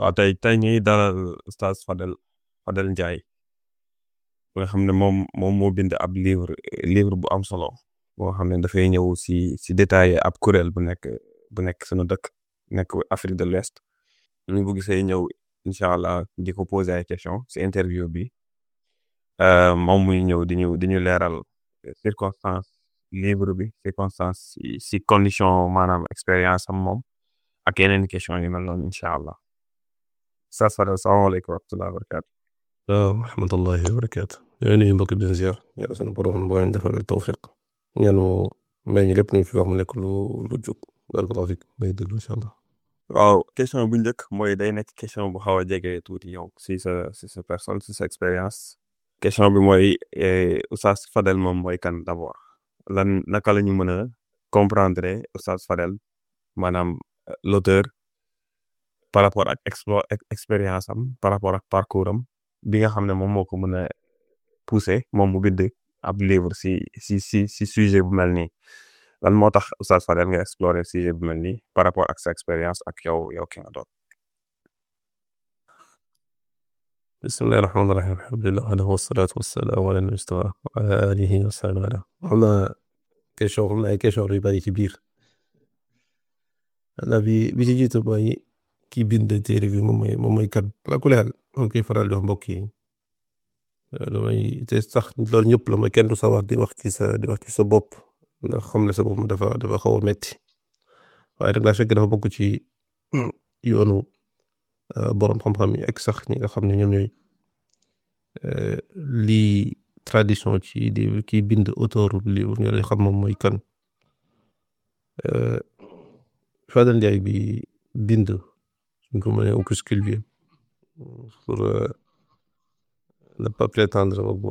waaw tey tey ñuy dalal Oustaz Fadel Fadel Ndiaye ba nga xam ne moom moom moo bind ab livre livre bu am solo boo xam ne dafay ñëw si si détaillé ab kuréel bu nekk bu nekk sunu dëkk nekk Afrique de l'Ouest ñu bu gisee ñëw incha allah di ko ay question si interview bi euh, moom muy ñëw di ñëw di ñu leeral circonstance livre bi circonstance si condition maanaam expérience am moom ak yeneen question yu mel noonu incha allah السلام عليكم ورحمة الله وبركاته ورحمة الله وبركاته yooyu nuyu mbokki Bichri yàlla sunu borom boo leen defal tawfiq ñaan mu may fi wax mu nekk lu lu jub loolu tawfiq may allah. waaw question bu njëkk mooy day nekk question bu xaw a jege tuuti yow si sa si sa personne si sa expérience. question bi mooy Oustaz Fadel moom mooy kan d'abord lan naka la ñu mën a comprendre Oustaz Fadel maanaam l'auteur par rapport ak expo expérience am par rapport ak parcours am bi nga xam ne moom moo ko mën a pousser moom mu bind ab livre si si si si sujet bu mel nii lan moo tax Oustaz Fadel nga explorer sujet bu mel nii par rapport ak sa expérience ak yow yow ki nga doon. bismillahi rahmaani rahim alhamdulilah wahdahu wasalaatu wasalaamu ala wa ala alihi wa sahbihi wala xam naa question xam naa ay question yu bari ci biir ki bind téere bi moom mooy moom mooy kat lakuleal koy faral di wax mbokk yi te sax loolu ñëpp la mooy kenn du sa wax di wax ci sa di wax ci sa bopp ndax xam ne sa bopp dafa dafa xaw a metti waaye nag laa dafa bokk ci yoonu euh, borom xam-xam yi ak sax ñi nga xam ne ñoom ñooy euh, lii tradition ci di kii bind auteur livre ñoo lay xam moom mooy kan euh, Fadel bi bind Гумания Opusculvie, pour euh, ne pas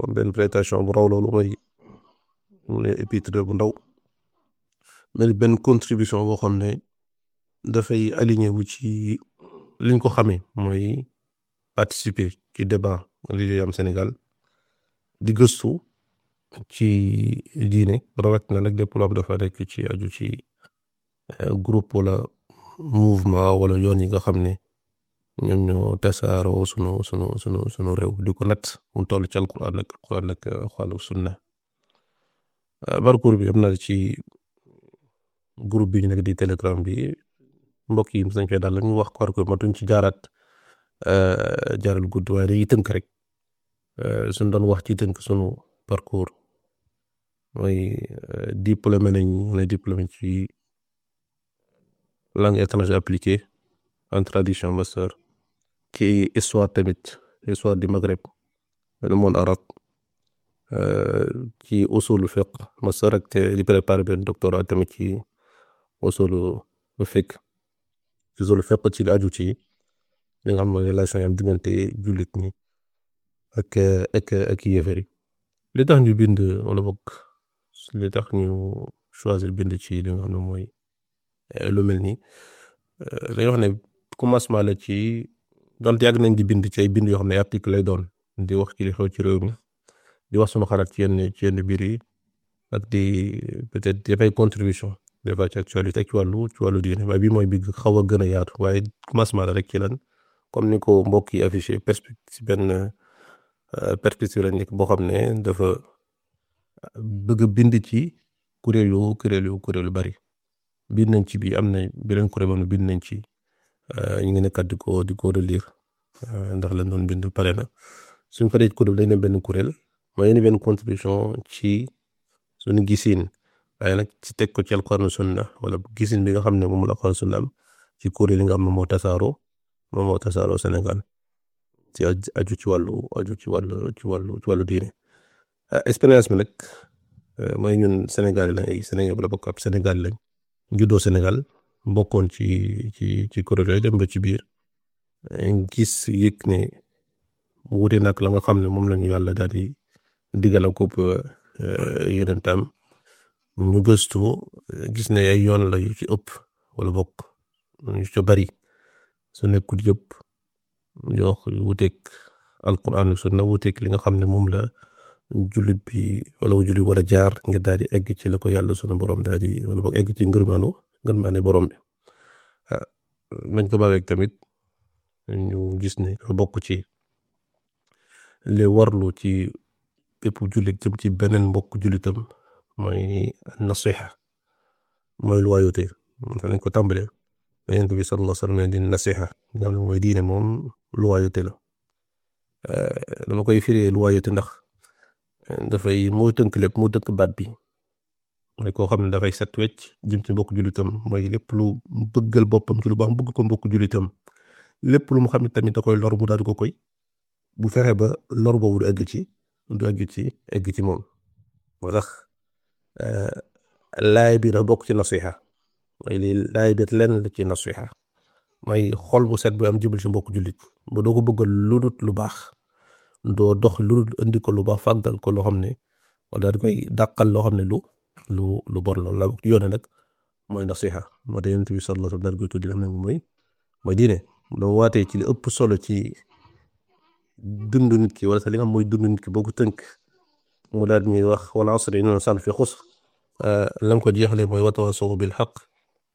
benn prétention bu raw loolu mooy mu bu ndaw mais benn contribution boo xam ne dafay aligné wu ci liñ ko xamee mooy participer ci débat li am senegal di gëstu ci diine rawat na nag lépp loo dafa rekk ci aju ci e, groupe wala mouvement wala yoon yi nga xam ne ñoom ñoo tasaaroo sunu sunu sunu sunu réew di ko nat mu toll ci alquran ak alquran ak xaalu euh, sunna parcours euh, bi am na ci groupe bi ñu nekk di telegram bi mbokk yi mos nañ fee daal la ñu wax parcours matuñ ci jaaraat euh, jaaral gudd waaye dañuy tënk rek suñ doon wax ci tënk sunu parcours mooy diplômé nañ ne diplômé ci. langue appliquée en traduction master ki histoire tamit histoire di Maghreb le monde arabe ci euh, usulu fiq master ak te di préparé benn doctorat tamit ci usulu fiq usulu fiq ci li aju ci li nga xam mooy relation diggante jullit ñi ak ak ak yéefari li tax ñu bind wala bokk li tax bind ci li nga mooy Eh, lu mel nii eh, dañuy wax ne commencement la ci donte yàgg nañ di bind ci ay bind yoo xam ne article lay doon di wax ci li ci réew mi di wax sunu xalaat ci yenn ci yenn biir yi ak di peut-être dafay contribution des fois ci actualité ci wàllu ci wàllu diine waaye bii mooy bi xaw a gën a yaatu waaye commencement la rek ci lan comme ni ko mbokk yi affiché perspective benn euh, perspective la nekk boo xam ne dafa euh, bëgg bind ci kuréel yu kuréel yu kuréel yu bari. bind nañ ci bi am na beneen kuréel boo ne bind nañ ci euh, ñu ngi nekkat di ko di ko euh, ndax lañ doon bind pare na suñ fa dee dañ ne benn kuréel mooy yenn benn contribution ci suñu gisin waaye nag ci teg ko ci alxuraan sunna wala gisin bi nga xam ne moom la alxuraan sunna am ci kuréel yi nga xam ne moo tasaaroo moom moo tasaaroo Sénégal ci aju ci wàllu aju ci wàllu ci wàllu ci wàllu diine euh, expérience bi nag mooy ñun senegal lañ ay Sénégal la bokk ab Sénégal juddoo senegal bokkoon ci ci ci kuréel yooyu dem ba ci biir eh, gis yëg ne wuute nag la nga xam ne moom lañu yàlla daal di digal ak kopp eh, yeneen tam ñu gëstu gis ne ay yoon la yu ci ëpp wala bokk yu ci bari su nekkul yëpp yoo wuuteeg alquran ak sunna wuuteeg li nga xam ne moom la jullit bi wala wu wala jaar nga daal di egg ci la ko yàlla sunu borom daal di wala boog egg ci ngërmaanu ngërmaane borom bi ah nañ ko bàyyeeg tamit ñu gis ne bokk ci li warlu ci bépp jullit ci beneen mbokk jullitam mooy nasiha mooy lu waayute nañ ko tàmbalee yonent bi sallallahu alayhi wa nasiha nga xam ne mooy diine la eh, dama koy firee lu waayute ndax. dafay moo tënk lépp moo tënk baat bi mooy koo xam ne dafay set wecc jëm ci mbokk jullitam mooy lépp lu bëggal boppam ci lu baax bëgg ko mbokk jullitam lépp lu mu xam ne tamit da koy lor mu daal di ko bu fexe ba lor boobu du egg ci du egg ci egg ci moom moo tax eh, laay bi bokk ci nasiha mooy li lenn la ci nasiha mooy xol bu set bu am jubal ci mbokk jullit bu doo ko bëggal lu lu baax doo dox lu indi ko lu baax fàggal ko loo xam ne wala di dàqal loo xam ne lu lu lu bon loolu la yoone nag mooy nasiha moo tax yonent bi sallallahu alayhi wa sallam daal koy tudd li xam ne mooy mooy diine dama waatee ci li ëpp solo ci dundu nit ki wala sax li nga xam mooy dundu nit ki boo tënk mu daal ñuy wax wala asri inna al fi xusr lam ko jeexalee mooy watawaasaw bil xaq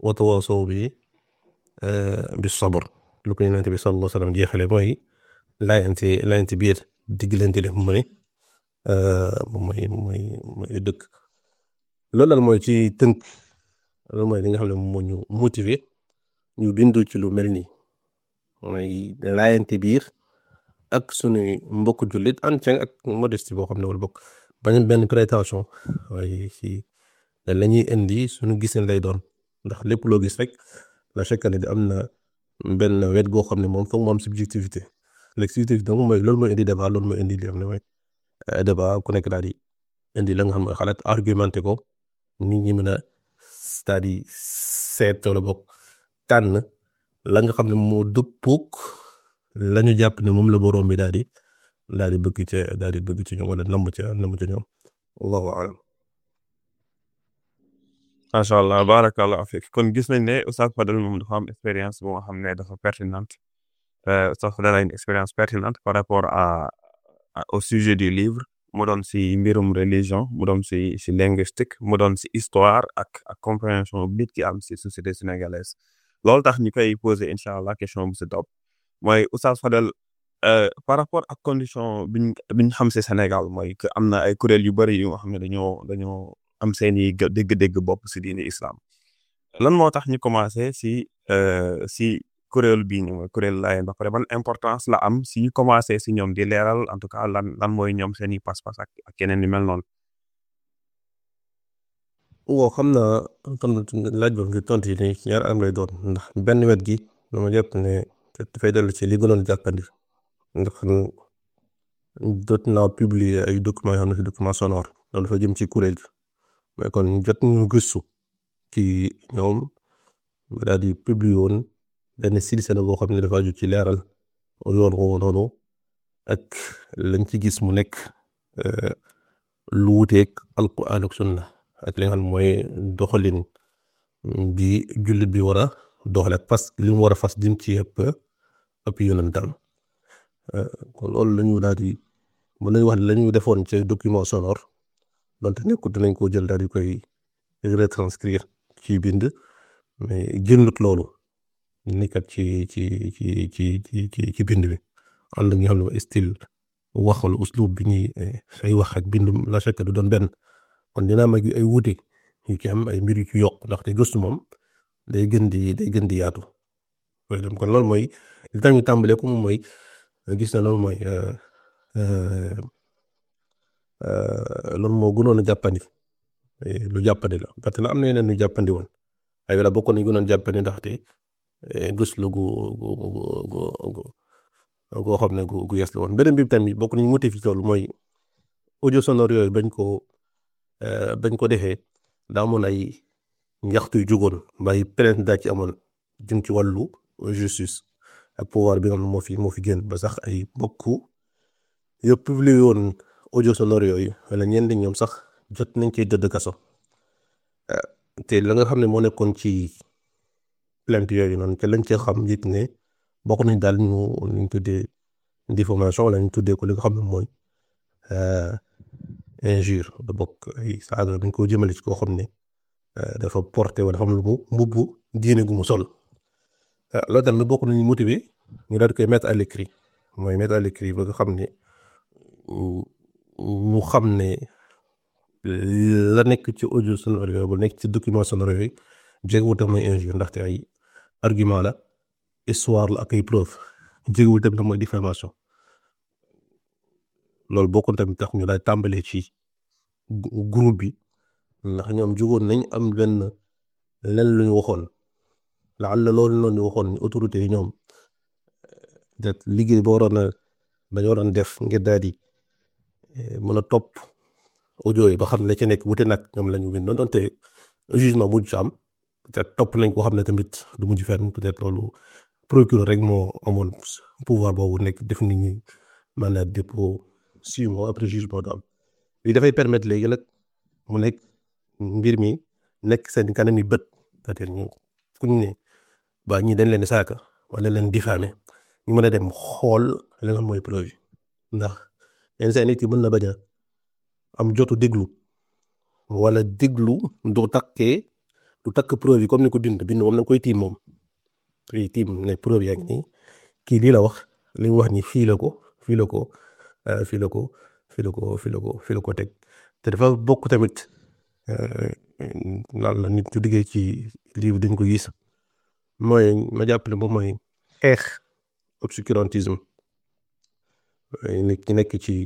watawaasaw bi bi sabr lu ko yonent bi sallallahu alayhi wa sallam jeexalee mooy laayante laayante diggante def euh, mooy mooy mooy mooy dëkk mooy ci tënk loolu mooy li nga xam ne moo ñu motiver ñu bindu ci lu mel nii mooy laayante biir ak sunuy mbokk jullit en ceng ak modestie boo xam ne wala bokk bañ benn prétention waaye ci la ñuy indi suñu giseen lay doon ndax lépp loo gis la chaque di am na benn wet goo xam ne moom foog mu am subjectivité l'exécutif donc mooy loolu mooy indi débat loolu mooy indi li nga xam ne mooy euh, débat ku nekk daal di indi la xam ne xalaat argumenté ko nit ñi mën a c'est-à-dire seet wala boog la nga xam ne moo dëppoog la ñu jàpp ne moom la borom bi daal di daal di bëgg daal di bëgg ci ñoom wala namm ca namm ca ñoom wallahu alam allah baarakallahu fiik kon gis nañ ne Oustaz Fadel moom dafa am expérience bu nga xam ne dafa pertinente Eh, sax da lay une expérience pertinente par rapport à, à au sujet du livre mu doon si mbirum religion mu doon si si linguistique mu doon si histoire ak ak compréhension bi nit ki am si société sénégalaise loolu tax ñu koy poser incha allah question bu si topp mooy Oustaz Fadel eh, par rapport ak condition biñ biñ xam si Sénégal mooy que am na ay kuréel yu bëri yu nga xam ne dañoo dañoo am seen i dégg-dégg bopp si diini islam lan moo tax ñu commencé si eh, si. kuréel bii ñu mooy kuréel ba pare ban importance la am si commencé si ñoom di leeral en tout cas lan lan mooy ñoom seen i pas-pas ak ak yeneen yu mel noonu. waaw xam naa tontu laaj boobu nga tontu yi nii ñaar am doon ndax benn wet gi dama jàpp ne dafay dellu ci li gënoon jàppandi ndax jot naa publier ay documents yoo xam ne si document sonore jëm ci kuréel gi mais kon jot nañu gëstu ci ñoom daal di publier woon. benn silsila boo xam ne dafa aju ci leeral yoon woowu noonu ak lañ ci gis mu nekk lu wuteeg alquran ak ak li nga xam mooy doxalin bi jullit bi war a doxal ak fas li war a fas dim ci yëpp ëpp yonentam kon loolu la ñu daal di mën nañu wax ne la ñu defoon ci document sonore donte nekkul dinañ ko jël daal di koy retranscrire ci bind mais jëndut loolu. nekkat ci ci ci ci ci ci bind bi ànd ak ñoo xam ne style uslub bi ñuy say eh, wax ak bind la chaque du doon benn kon dina am ay wuute yu ci am ay mbir yu ci yokk ndaxte gëstu moom day gën di day gën di yaatu loolu dem kon loolu mooy li tax ñu tàmbalee ko moom mooy gis na loolu mooy euh, euh, euh, loolu moo gënoon a jàppandi eh, lu jàppandi la parce que am na yeneen ñu jàppandi woon ay wala bokkoon nañu gënoon jàppandi ndaxte. Eh, gëstu la gu gu xam ne gu gu yes la woon beneen bi tamit bokk nañu motif yi loolu mooy audio sonore yooyu bañ ko eh, bañ ko defee daa ay njaxtu yu jugoon mbay plainte daa ci amoon jëm ci wàllu justice ak bi nga xam ne moo fi moo fi génn ba sax ay mbokk yëpp publié woon audio sonore yooyu wala ñenn ñoom sax jot nañ cee dëdd kaso eh, te la xam ne moo nekkoon ci. plainte yooyu noonu te lañ cee xam yëpp ne bokk nañ daal ñu li ñu tuddee diffamation wala ñu tuddee ko li xam ne mooy euh, injure da bokk ay saaga dañ koo jëmale ci koo xam ne euh, dafa porté wala dafa am lu mu mbubb diine gu mu sol euh, bokk nañu motivé ñu daal di koy mettre à l'écrit mooy mettre à ba nga xam ne mu xam ne la nekk ci audio sonore yooyu ba nekk ci document sonore yooyu jegewut mooy injure ndaxte ay argument la histoire la ak ay preuve jéggiwul tamit mooy diffamation loolu bokkoon tamit tax ñu daal tàmbalee ci groupe bi ndax ñoom jugoon nañ am benn len lu ñu waxoon laal na loolu noon ñu waxoon autorité yi ñoom euh, da liggéey boo waroon a dañoo waroon def ngir daal di euh, mën a topp audio yi ba xam ne la ci nekk wute nag ñoom la ñu bind doon doonte jugement bu am peut topp nañ ko xam ne tamit du mujj fenn peut-être loolu procureur rek moo amoon pouvoir boobu nekk def nit ñi mandat de dépôt six mois après jugement du am li dafay permettre léegi nag mu nekk mbir mi nekk seen kanam yi bët c'est-à-dire ñu ku ñu ne ba ñi dañ leen di saaka wala leen diffamé ñu mën a dem xool li nga mooy preuve ndax yenn saa nit yi mën na bañ a am jotu déglu wala déglu du takkee du takk preuve yi comme ni ko bind bind moom nag koy tiim moom koy tiim ne preuve yaa ngi nii kii lii la wax li mu wax nii fii ko fii la euh, fii la ko fii la ko fii la teg te dafa bokk tamit euh, lan la nit ñu liggéey ci livre dañ ko gis mooy ma jàppale moom mooy xeex obscurantisme nit ñi nekk ci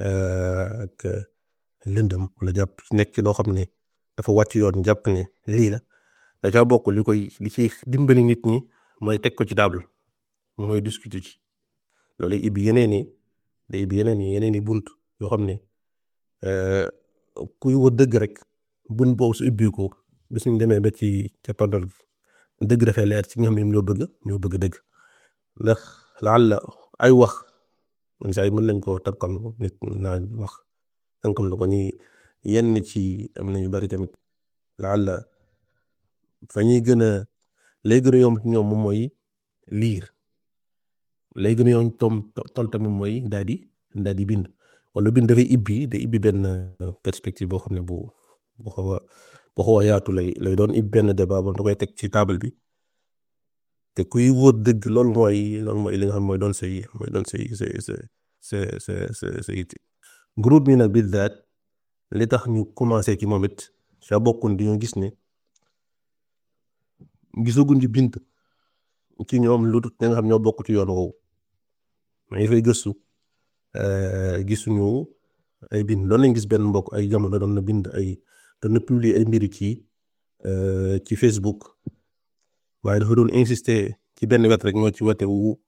euh, ak lëndëm wala jàpp nekk ci loo xam ne dafa wàcc yoon jàpp ne lii la da caa bokk li koy li dimbali nit ñi mooy teg ko ci table mooy discuter ci loolu ibbi yeneen i ibbi yeneen i yeneen i bunt yoo xam ne euh, kuy wër dëgg rek bunt boobu su ubbi ko bis ñu demee ba ci ca dëgg dafay leer ci ñoom ñoo bëgg ñoo bëgg dëgg ndax laal la ay wax man saa yi mën nañ koo tànkam nit naa wax tànkam la ko ñuy. yenn ci am nañu bari tamit laalla fa ñuy gën a lay gën a yomb moom mooy liir lay gën a yomb tom tom tamit mooy daal di bind walla bind dafay ibbi da ibbi benn euh, perspective boo xam ne bu bu xaw a yaatu lay lay doon ibbi benn débat boo da koy teg ci table bi te kuy wóor dëgg lool mooy loolu mooy li nga xam doon say mooy doon say say say say say say yitte daat li tax ñu commencé ci moom it sa bokkun gis ne gisaguñ ci bind ci ñoom lu dut ñi nga xam ñoo bokk ci yoon woowu mais fay gëstu eh, gisuñu ay bind doon nañ gis benn mbokk ay jamono doon na bind ay doon na publier ay mbir ci eh, ci Facebook waaye dafa doon insiste ci benn wet rek moo ci wate wu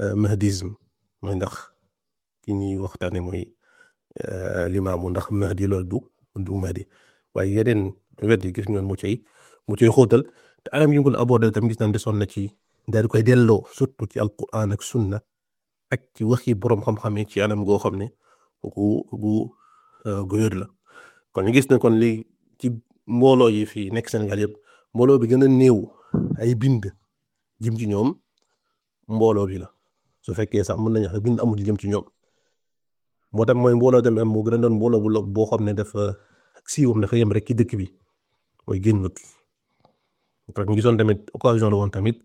eh, mahdisme ndax ki ñuy waxtaanee mooy Euh, limaamu ndax Mahdi loolu du du Mahdi waaye yeneen wet yi gis nañ mu cay mu cay xóotal te anam yu ngi tami abordé tamit gis nañ desoon na ci daal di koy delloo surtout ci alquran ak sunna ak ci waxi borom xam-xam yi ci anam goo xam ne gu gu euh, la kon ñu gis ne kon li ci mbooloo yi fii nekk Sénégal yëpp mbooloo bi gën a néew ay bind jëm ci ñoom mbooloo bi la su fekkee sax mën nañu wax bind amul jëm ci ñoom. moo tax mooy mbooloo tamit am moo gën a boo xam ne dafa siwo siiwam dafa yem rek ci dëkk bi mooy génn gi. parce que tamit occasion la woon tamit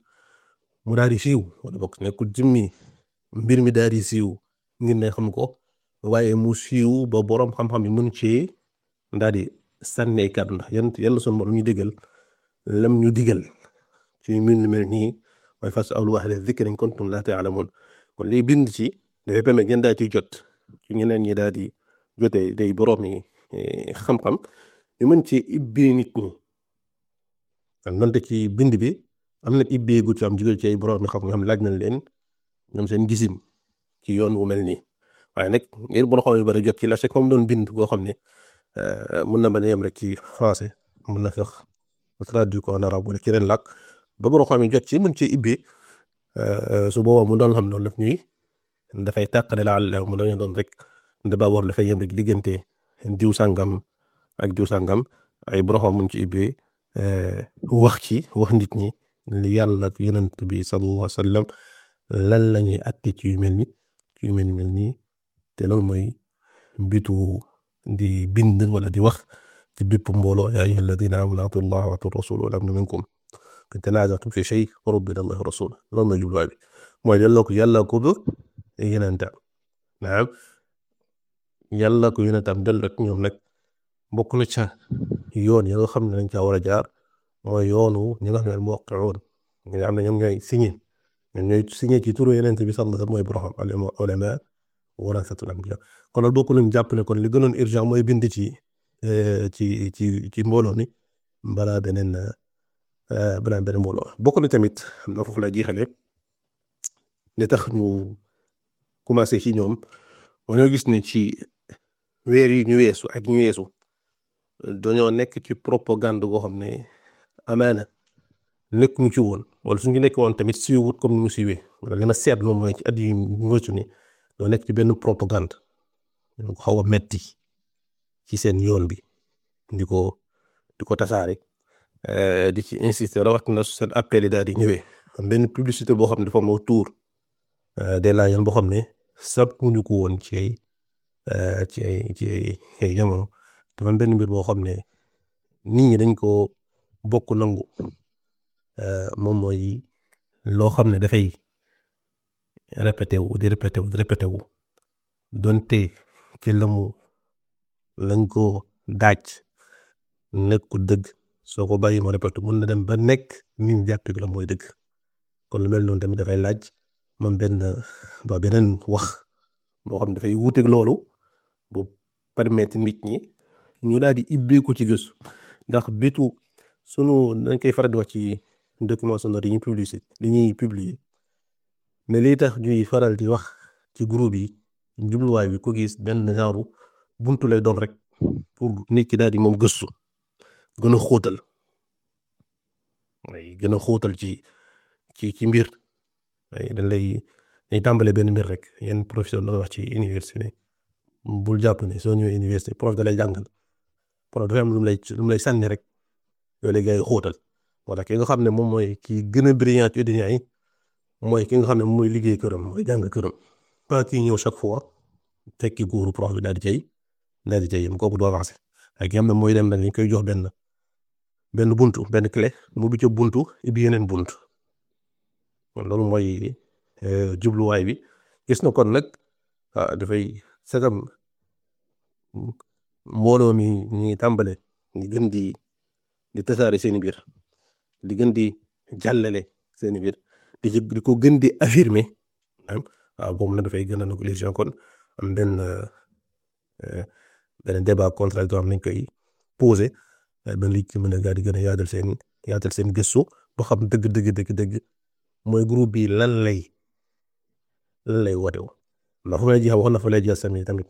mu daal di siiw wala bokk nekkul jëmmi mbir mi daal di siiw ngir ne xam ko waaye mu siiw ba borom xam-xam yi mën ci daal di sànni ay kàddu ndax yan yàlla sunu borom ñu digal lam ñu digal ci mbir lu mel nii mooy fas'alu ahla dhikri in kuntum laa ta'lamuun kon liy bind ci dafay permettre ngeen daal ciy jot. ci ñeneen ñi daal di jotee day borom yi e, xam-xam ñu mën ci ibbee nit ñi ak ci bind bi am na ibbee gu ci am jóge ci borom yi xam-xam laaj nañ leen ñoom seen gisim ci yoon wu mel nii waaye nag ngir boo xoolee bari jot ci la comme doon bind boo xam ne e, mun na mën a yem rek ci français mun na fex traduit ko en arabe wala keneen làkk ba boo xoolee jot ci mën ci ibbee e, su boobaa mu doon xam loolu daf ñuy. dafay tàqale laal mu dañu doon rek débat war dafay yem rek diggante diw sàngam ak diw sàngam ay boroxam muñ ci ubbee wax ci wax nit ñi li yàlla ak yonent bi sallallahu alayhi wasallam lan la ñuy àtte yu mel ni ci yu mel ni te loolu mooy mbitu di bind wala di wax ci bépp mbooloo yaa ayyuha alladina amanu atiu llaha wa atiu rasul wal amru minkum in fi shay faruddu ila llahi rasul loolu mooy jubluwaay bi mooy delloo ko yonentam naam yàlla ko yonentam del rek ñoom nag bokk ca yoon ya nga xam ne dañ caa war a jaar mooy yoonu ñi nga xam ne muwaqqi'uun ñi nga xam ne ñoom ñooy signé ñoom ñooy signé ci turu yonent bi sallallahu alayhi wa sallam al-ulamaa warasatul anbiyaa kon nag bokk kon li gënoon urgent mooy bind ci euh, ci ci ci mbooloo mi balaa beneen euh, balaa beneen mbooloo tamit xam na foofu la jeexale ne tax commencé ci ñoom dañoo gis ne ci weer yi ñu weesu ak ñu weesu dañoo nekk ci propagande goo xam ne amaana nekkuñu ci woon wala suñu nekk woon tamit siiwut comme ni mu siiwee wala gën a seetlu moom mooy ci at yi ñu weesu ni doo nekk ci benn propagande ñu xaw a metti ci seen yoon bi di ko di ko tasaare eh, di ci insister rawatina su seen appel yi daal di ñëwee am benn publicité boo xam ne dafa am autour Euh, délaajal boo xam ne sàkkuñu ko woon euh, ci ay ci ay ci ay jamono dafa mbir boo xam ne nit ñi dañ koo bokk nangu euh, moom mooy loo xam ne dafay répété wu di répété wu donte ci lamu lañ ko daaj nekku dëgg soo ko bàyyi moo répété mun na dem ba nekk nit ñi jàpp la mooy dëgg kon lu mel noonu tamit dafay laaj. moom benn ba beneen wax boo xam dafay wuuteeg loolu bu permettre nit ñi ñu daal di ibbeeku ci gëstu ndax bitu sunu dañ koy faral di wax ci document sonore yi ñuy publier li ñuy publier mais faral di wax ci groupe yi jubluwaay bi ko gis benn genre buntu lay doon rek pour nit ki daal di moom gëstu gën a xóotal way gën xóotal ci ci mbir. dañ lay dañ tàmbalee benn mbir rek yenn professeur la wax ci université bul jàpp ne soo ñëwee université prof da lay jàngal prof dafa am lu mu lu lay sànni rek yooyu la gars yi xóotal wala ki nga xam ne moom mooy ki gëna a brillant ci étudiants yi mooy ki nga xam ne mooy liggéey këram mooy jàng këram. pas kii ñëw chaque fois tekki kuuru prof bi daal di cay daal di cay yem kooku du avancé ak ki mooy xam ne mooy koy jox benn benn buntu benn clé mu bi ca buntu ubbi yeneen buntu. kon loolu mooy euh, jubluwaay bi gis na kon nag ah, dafay setam mbooloo mi ñuy tàmbale di gën di di tasaare seen biir di gën di jàllale seen biir di di ko gën di affirmer waaw ah, boobu nag dafay gën a négociation kon am benn euh, benn débat contradictoire nañ koy posé euh, benn li ci mën a di gën a yaatal seen yaatal seen gëstu ba xam dëgg dëgg dëgg mooy groupe bi lan lay lan lay wootewu ndax fu wax na fa lay jeexal sami tamit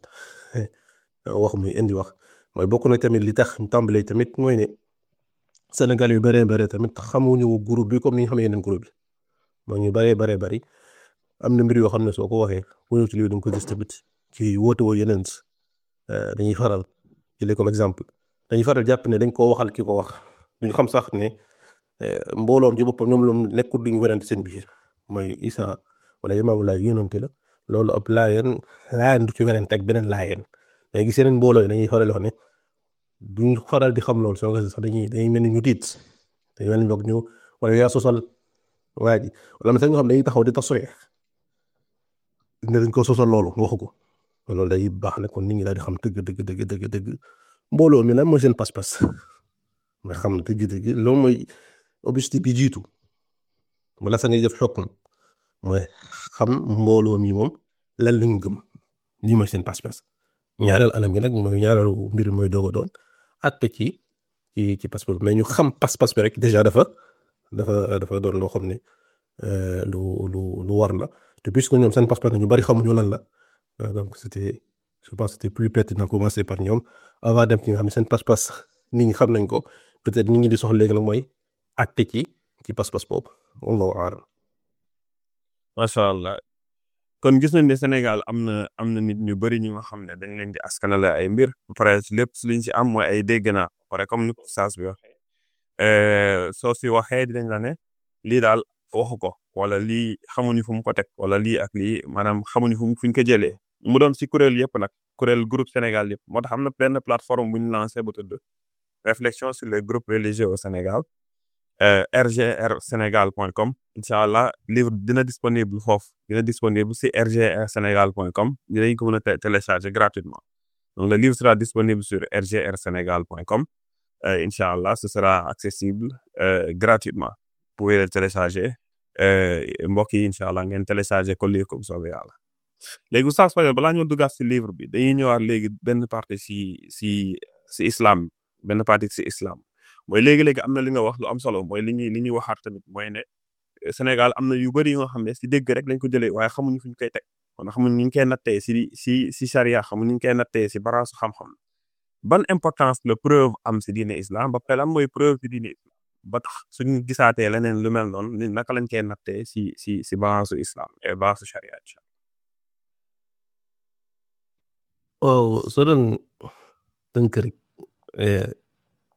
wax muy indi wax mooy bokk na tamit li tax ñu tàmbalee tamit mooy ne senegal yu bëree bëri tamit xamuñu wu groupe bi comme ni ñu xamee yeneen groupe yi mooy ñu bëree bëree bari am na mbir yoo xam ne soo ko waxee bu ci lii dañ ko gis tamit ci woote yeneen yeneen eh, dañuy faral jëlee comme exemple dañuy faral jàpp ne dañ ko waxal ki ko wax duñ xam sax ne. Eh, mbooloom ci boppam ñoom ñoom nekkul duñu werante seen biir mooy Isa wala Imaamu Laay yonante la loolu ab laayeen laayeen du ci werante ak beneen laayeen léegi seen mbooloo yi dañuy faral di wax ne duñu faral di xam loolu soo ko sax dañuy dañuy mel ni ñu tiit dañuy mel ni ñu wala yaa sosal waa ji wala sax ñoo xam dañuy taxaw di tasooyee ne dañ ko sosal loolu waxu ko loolu day baax ne kon nit ñi daal di xam dëgg dëgg dëgg dëgg dëgg mbooloo mi lan mooy seen pas-pas nga xam dëgg dëgg loolu mooy. objectif bi jiitu wala sa ngay def xokkum mooy xam mbooloo mi moom lan lañu gëm nii mooy seen pas-pas ñaareel anam gi nag mooy ñaareelu mbir mooy doog a doon àtte ci ci ci passeport mais ñu xam pas-pas bi rek déjà dafa dafa dafa doon loo xam ne euh, lu lu lu war la te puisque seen passeport ñu bari xamuñu lan la euh, donc c'était je pense c'était plus pertinent commencer par ñoom avant dem ci nga xam ne seen pas-pas nit ñi xam nañ ko peut-être nit ñi di soxla léegi nag mooy. ak ci ci pas-pas boobu wallahu aalam macha allah kon gis nañ ne Sénégal am na am na nit ñu bëri ñi nga xam ne dañ leen di askanale ay mbir ba pare lépp luñ si am mooy ay dégg naa pare comme ni ko saas bi waxee eh, soo si waxee dinañ la ne lii daal waxu ko wala lii xamuñu fu mu ko teg wala lii ak lii maanaam xamuñu fu mu fuñ ko jëlee mu doon si kuréel yëpp nag kuréel groupe Sénégal yëpp moo tax am na benn plateforme bu ñu lancé bu tudd réflexion sur les groupes religieux au Sénégal rgr euh, sénégal point com incha allah livre dina disponible foofu dina disponible si rgr sénégal point com dinañ ko mën a télécharger gratuitement donc le livre sera disponible sur rgr sénégal point com euh, incha allah ce sera accessible euh, gratuitement vous pouvez le télécharger mbokk yi incha allah ngeen télécharger ko lire ko bu soobee yàlla léegi oustaz Fadel balaa ñoo si livre bi dañuy ñëwaat léegi benn partie si si si islam benn partie si islam mooy léegi-léegi am na li nga wax lu am solo mooy li ñuy li ñuy waxaat tamit mooy ne eh, Sénégal am na yu bëri yoo xam ne si dégg rek lañ ko jëlee waaye xamuñu fu ñu koy teg kon xamuñ ñu ngi koy nattee si si si charia xamuñ ñu koy nattee si baraasu xam-xam ban importance la preuve am si diine islam ba pare lan mooy preuve si diine islam ba tax suñu gisaatee leneen lu mel noonu ni naka lañ koy nattee si si si baraasu islam et eh, baraasu charia waaw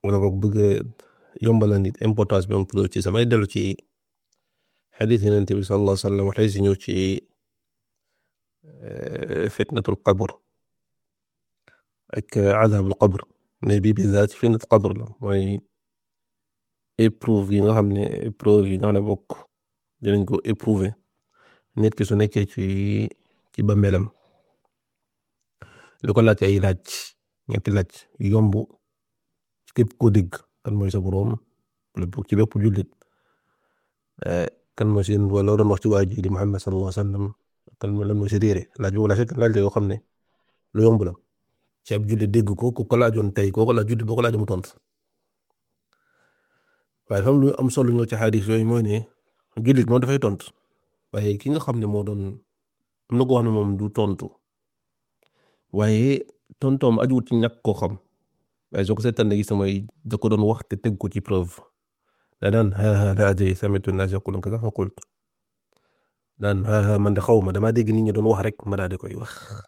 wala boog bëgg a yombalal nit importance bi am patriotisme ay dellu ci xadiis Yonent bi sallallahu alayhi wa sallam waxee si ñëw ci eh, fitnatul qabr ak azabul qabr ne bii bi la mooy épreuve yi nga xam ne épreuve yi nga xam ne bokk dinañ ko éprouver nit ki su nekkee ci ci bàmmeelam lu ko laaj ay laaj ñetti képp ku dégg kan mooy sa boroom ci bépp jullit eh, kan mooy seen wala doon wax ci waa ji di Muhammad sallallahu alayhi wa sallam kan lan mooy sa réere laaj boobu laaj laaj la yoo xam ne lu yomb la ci ab jullit dégg ko ku ko laajoon tey koo ko laaj jullit ma ko laaj mu tontu waaye fam lu am solo ñëw ci xaadis yooyu mooy ne jullit moom dafay tontu waaye ki nga xam ne moo doon am na koo xam ne moom du tontu waaye tontoom koo xam. donc seetaan léegi samay da ko doon wax te teg ko ci preuve da naan ah ah adé samitu naas yaqulun kaza fa qult daan man de damaa dégg nit ñi doon wax rek ma daal koy wax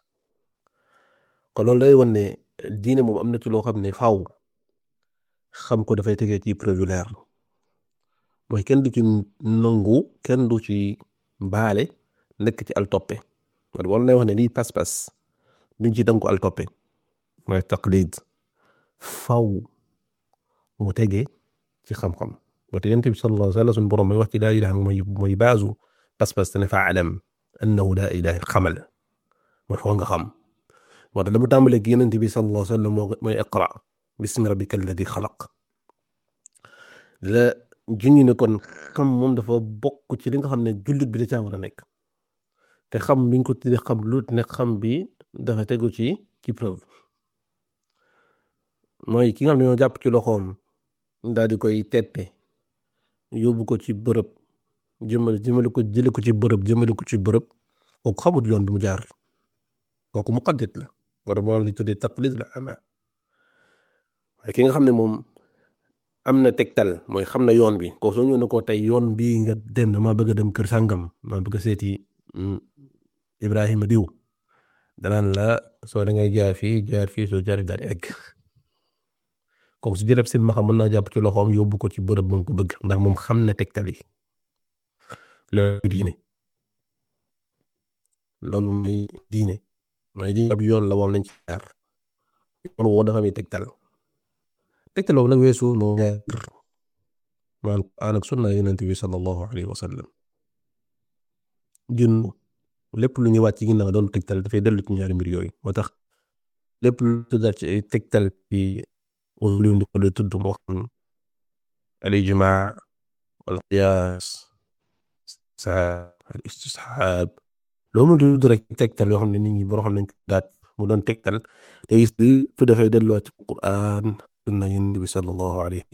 day wan ne diine moom am na ci loo xam ne faaw xam ko dafay tegee ci preuve yu leer mooy kenn du ci nangu kenn du ci baale nekk ci al toppe kon wala lay wax ne lii pas-pas duñ ci dangu al toppe mooy faw mu tege ci xam-xam ba te yonent bi sallallahu alayhi wa sallam suñu borom may wax ci laa ilaha mooy mooy baasu pas-pas te ne fa alam annahu laa ilaha xamal mooy foo nga xam moo tax la mu tàmbalee ki yonent bi sallallahu alayhi wa sallam mooy iqra bismi rabbika alladi xalaq la junñi ne kon xam moom dafa bokk ci li nga xam ne jullit bi da caa war a nekk te xam bi ko tuddee xam lu ne xam bi dafa tegu ci ci mooy ki nga xam ne ñoo jàpp ci loxoom di koy teppe yóbbu ko ci bërëb jëmale jëmale ko jële ko ci bërëb jëmale ko ci bërëb kooku xamut yoon bi mu jaar kooku muqaddit la wala moo di tuddee taqlid la ama waaye ki nga xam ne moom am na tegtal mooy xam na yoon bi kooku soo ñëw ne ko tey yoon bii nga dem dama bëgg a dem kër sàngam maa bëgg a seeti mm, Ibrahima diw dalan la soo da ngay jaar fii fii soo jaar fii daal kooku su jëlee sin maxa mën naa jàpp ci loxoom yóbbu ko ci bërëb moom ko bëgg ndax moom xam na tegtal yi loolu diine loolu mooy diine mooy diine ab yoon la woon nañ ci jaar yoon woo dafa mi tegtal tegtal boobu sunna yonent bi sallallahu alayhi wa sallam jun lépp lu ñuy wàcc ci ginnaaw doon tegtal dafay dellu ci ñaari mbir yooyu moo tax lépp lu wóoluñu ko di tudd moo xam al ijmaa al istishaab loo mën di tudd rek tegtal yoo xam ne nit ñi boo xam nañ ko daat mu doon tegtal te gis bi tu dafay ci Qur'aan sunna Yonent bi sallallahu alayhi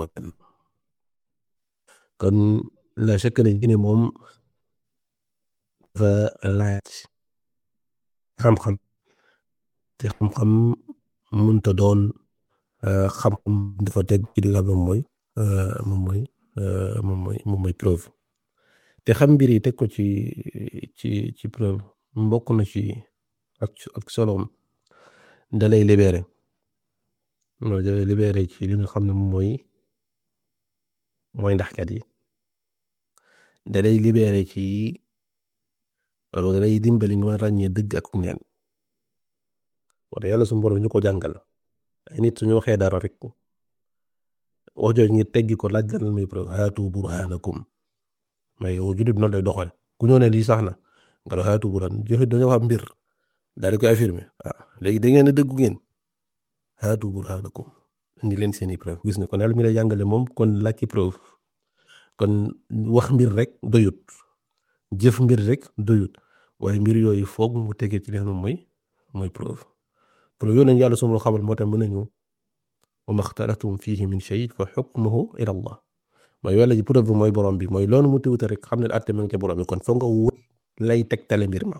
wa sallam kon la shakk ne ci ne moom dafa laaj xam-xam te xam xam-xam dafa teg ci li mooy euh, euh, moom mooy moom mooy moom te xam mbir yi teg ko ci ci ci preuve mbokk na ci ak ak solom dalay libéré mooy dalay libéré ci li nga xam ne moom mooy mooy ndaxkat yi dalay libéré ci loolu dalay dimbali nga mën a ràññee dëgg ak neen wala yàlla suñu borom ñu ko jàngal. ay nit suñu waxee dara rek wax jooju ngir teggi ko laaj lan muy preuve haatu burhanakum mais yow jullit noonu lay doxale ku ñoo ne lii sax na nga doon haatu burhan joxe dañoo xam mbir daal di koy affirmé ah, léegi da ngeen a dëggu ngeen haatu burhanakum indi leen seen i preuve gis nga kon yàlla mi lay jàngale moom kon laaj ci preuve kon wax mbir rek doyut jëf mbir rek doyut waaye mbir yooyu foog mu tegee ci leen moy mooy preuve. pour yoon nañu yàlla sumul xamal moo tax mën nañu wa maxtalatum fihi min shay fa xukmuhu ila allah mooy wàlla ji bi mooy loolu mu tiwta rek xam ne atte mi ngi ca kon foog nga wut lay tegtale mbir ma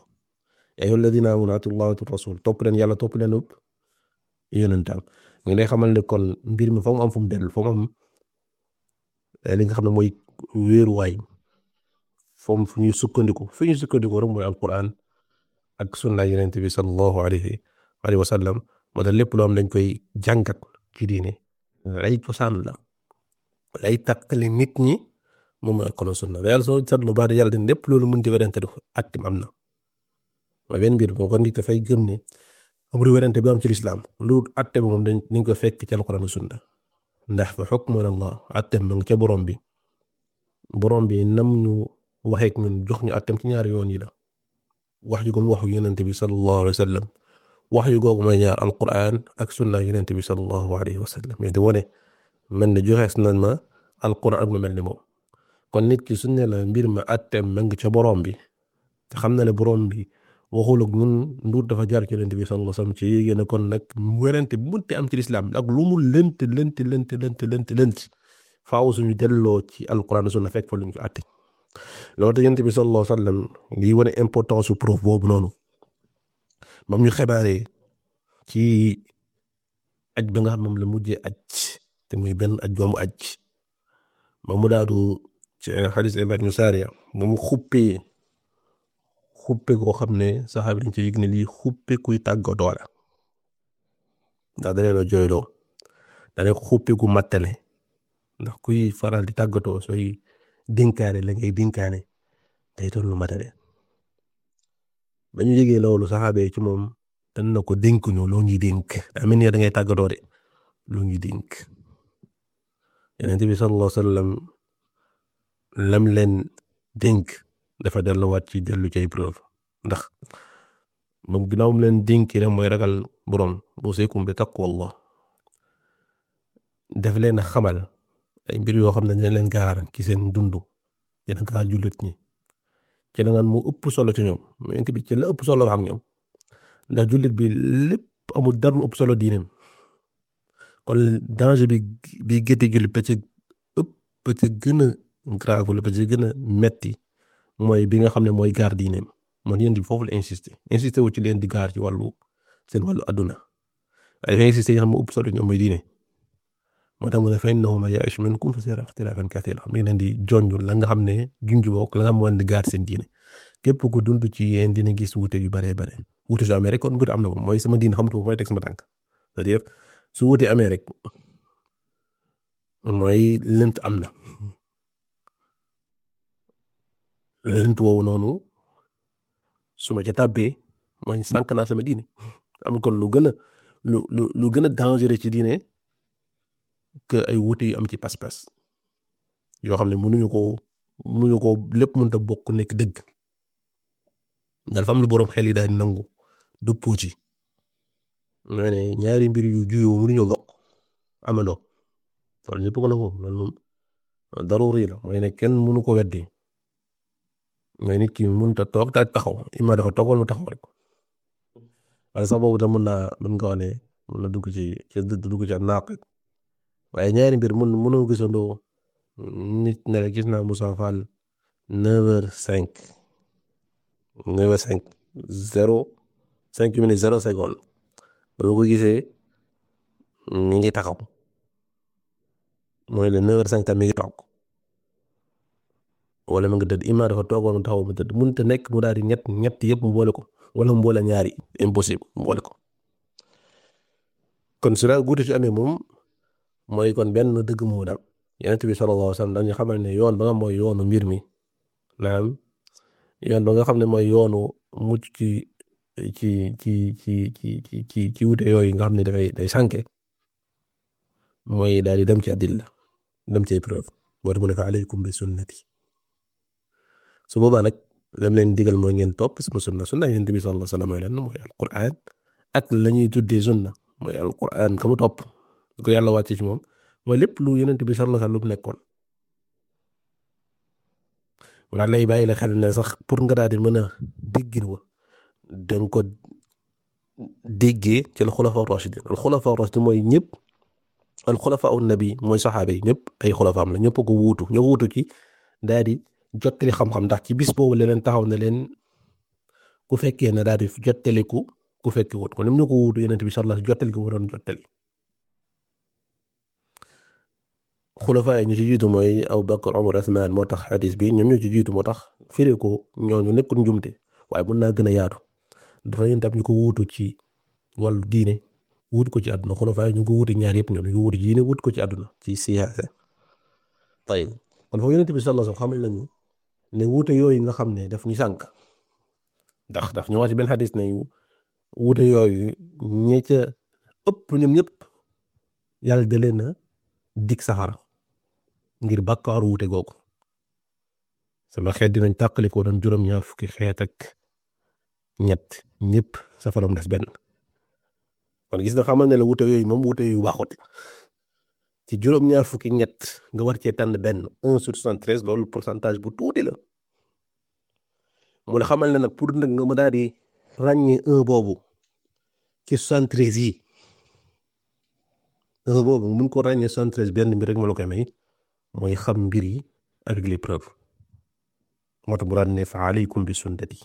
yaa ayyuha alladina amanu atu rasul topp leen yàlla topp leen ëpp yonentam mu ngi lay xamal ne kon mbir mi fa am fu mu dellu am eh, li nga xam ne mooy wéeruwaay foom fu ñuy sukkandiku fu ñuy sukkandiku rek mooy alquran ak sunna yonent bi sallallahu alayhi alayhi wa sallam moo tax lépp loo dañ koy jàngat ci diine lay cosaan la lay tàqali nit ñi moom mooy kono sunna yàlla soo seetlu baax yàlla dañ lépp loolu mën ci werante du attim am na mooy benn mbir boo ko nit dafay gëm ne bi am ci lislaam lu atte bi moom dañ dañ ko fekk ci alquran sunna ndax fa xukmu allah attem mu ngi ca borom bi borom bi nam ñu waxeek ñun jox ñu attem ci ñaari yoon yi la wax ju ko mu waxu yonente bi sallallahu alayhi wa sallam waxyu googu mooy ñaar alquran ak sunna yonent bi sallallahu alayhi wa sallam di wone mel ne joxees nañ ma alquran ak mu mel ni moom kon nit ki su ne la mbir ma atteem ma ngi ca borom bi te xam na ne borom bi waxul ak ñun nduur dafa jar ci yonent bi sallallahu alayhi wa ci yéegéen kon nag werante bu munti am ci lislaam ak lu mu lënt lënt lënt lënt lënt lënt faaw suñu delloo ci alquran sunna fekk fa ci ko atte loolu te yonent bi sallallahu alayhi wa sallam lii wane importance su preuve boobu noonu moom ñu xibaaree ci aj ba moom la mujjee aj te muy benn aj goomu aj moom daadu ci xadis Ibaad ñu Saariya moom mu xuppee xuppe koo xam ne saxaabi dañ ci yëg ne lii xuppe kuy tàggatoo la ndax da leen a jooyloo gu mattale ndax kuy faral di tàggatoo sooy dénkaane la ngay dénkaane day doon lu matale ba ñu la loolu saxaaba yi ci moom dañ na ko dénk ñu loo ñuy dénk daa mel ni da ngay tàggatoo de loo dénk yonent bi sallallahu alayhi wa sallam lam leen dénk dafa delluwaat ci dellu ci ay preuve ndax moom ginnaaw mu leen dénki rek mooy ragal borom buusikum bi taqwallah def leen a xamal ay mbir yoo xam ne dañ leen gaar ci seen dund yéen gaar ci la naan mu ëpp solo ci ñoom yonent bi ci la ëpp solo xam ñoom ndax jullit bi lépp amul dara mu ëpp solo diineem kon danger bi bi gétti jullit ba ci ëpp ba ci gën a grave la ba gën a metti mooy bi nga xam ne mooy gaar diineem man yonent bi foofu la insister insister wu ci leen di gaar ci wàllu seen wàllu adduna waaye insister yi xam mu solo ñoom mooy diine moo tax mu ne fa innahu man ya'ish minkum fa sayara ikhtilafan kathiran mi ngi leen la nga xam ne junj bokk la nga xam ne gaar seen diine képp ku dund ci yéen dina gis wuute yu bare bare wuute su amee rek kon wuute na ko mooy sama diine xamatu fooy teg sama tànk cest à su wuute amee rek mooy lënt am na lënt noonu su ma ca tàbbee mooy sànq naa sama diine kon lu gën a lu gën a ci diine. que ay wuute yu am ci pas yoo xam ne mënuñu ko mënuñu ko lépp mënta bokk nekk dëgg dafa am lu boroom xel yi daal di nangu dëppoo ci mooy ne ñaari mbir yu juyoo mënuñu bokk amandoo loolu ñëpp ko nangu loolu moom daruri la mooy ne kenn mënu ko weddi mooy nit ki mënta toog daal taxaw ima dafa toogoon mu taxaw rek wala sax boobu tam mën naa mën nga wax ne mën na dugg ci dugg ci waaye ñaari mbir mun mënoo gisandoo nit ne la gis naa Moussa Fall cinq neuf heures cinq zéro cinq minutes zéro seconde ba ma ko gisee mi ngi taxaw mooy le neuf heures cinq tam mi ngi toog wala mu ngi tëdd imaam dafa toogoon taxaw mu tëdd mënut nekk mu daal di ñett ñett yëpp mu boole ko wala mu boole ñaari impossible mu boole ko kon su guute su amee moom. mooy kon benn dëgg moo dal yonent bi sallallahu alayhi wa sallam xamal ne yoon ba nga mooy yoonu mbir mi naam yoon ba nga xam ne mooy yoonu mucc ci ci ci ci ci ci ci wute yooyu nga xam ne dafay day sànke mooy daal di dem ci adilla dem ci preuve boo mu ne fa alaykum bi sunnati su boobaa nag lam digal mooy ngeen top sama sunna sunna yonent bi sallallahu alayhi wa sallam mooy lan mooy alquran ak la ñuy tuddee sunna mooy alquran ka mu topp ko yàlla wàcce ci moom mooy lépp lu yonent bi sallallahu alayhi wa sallam nekkoon wala lay bàyyi la xel ne sax pour nga daal di mën a déggin wa danga ko déggee ci al xulafa rachidin al xulafa rachidin mooy ñëpp al xulafa un nabi mooy saxaaba ñëpp ay xulafaam la ñëpp ko wuutu ñoo wuutu ci daal di xam-xam ndax ci bis boobu leneen taxaw na leen ku ne daal di jottaliku ku fekkee wut ko ni mu ko wuutu yonent bi sallallahu alayhi wa sallam jottali ko waroon jottali xulafaa ñu ci jiitu mooy Abu Bakar Umar moo tax xadis bi ñoom ñoo ci jiitu moo tax firi ko ñooñu nekkul njumte waaye mën naa gën a yaatu dafa yéen tam ñu ko wuutu ci wàllu diine wut ko ci àdduna xulafaa ñu ko wuuti ñaar yëpp ñoom ñu ko wuuti diine wut ko ci àdduna ci siyaasa tayib kon foofu yonent bi sallallahu alayhi wa sallam xamal nañu ne wuute yooyu nga xam ne daf ñu sànq ndax ndax ñu wax ci benn xadis ne wuute yooyu ñe ëpp ñoom ñëpp yàlla da na a dig ngir bàkkaaru wuute googu sama xeet dinañ tàqalikoo doon juróom-ñaar fukki xeet ak ñett ñëpp safaram des benn kon gis na xamal ne la wuute yooyu moom wuute yu baaxut ci juróom-ñaar fukki ñett nga war cee tànn benn un sur soixante-treize loolu pourcentage bu tuuti la mu la xamal ne nag pour nag nga ma daal di ràññee un boobu ci soixante yi un boobu mun ko ràññee soixante-treize benn bi rek may mooy xam mbir yi avec les preuves moo tax mu daan ne fa alaykum bi sunnati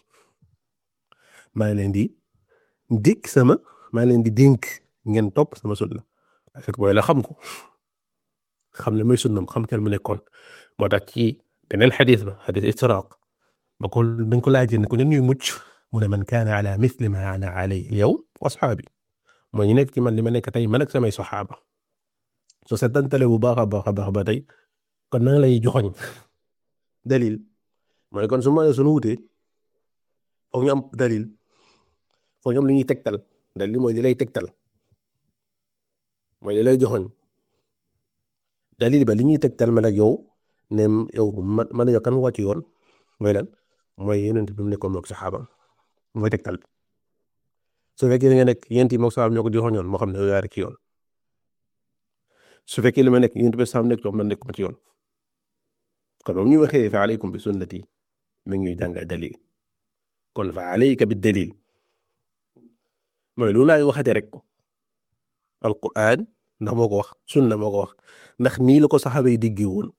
maa ngi leen di dénk sama maa ngi leen di dénk ngeen topp sama sunna fekk booy la xam ko xam ne mooy sunnam xam kenn mu nekkoon moo tax ci beneen xadis ba xadis istiraaq ba ko dañ ko laajee ne ko ñun ñuy mucc mu ne man kaana ala mithli ma ana alayhi al-yawm wa ashaabi mooy ñu nekk ci man li ma nekk tey man ak samay saxaaba soo seetantalee bu baax a baax a baax ba tey kon nan lay joxoñ dalil mooy kon su ma nee wutee foog ñu am dalil lu ñuy tegtal dalil mooy li lay tegtal mooy li lay joxoñ dalil ba li ñuy tegtal man ak yow ne yow man man yow kan wàcc yoon mooy lan mooy yonent bi mu nekkoon mook saxaaba mooy tegtal bi su nekk yonent yi mook saxaaba ñoo ko joxoñoon moo xam ne yow yaa rek ci yoon su fekkee li ma nekk yonent bi saxaaba nekk yow man ci yoon kon ba mu ñu waxee fa alaykum bi sunnati mi ngi ñuy jàngal dalil kon fa alayka bi dalil mooy lu laay waxate rek alquran ndax moo ko wax sunna moo ko wax ndax nii la ko saxaaba yi diggi woon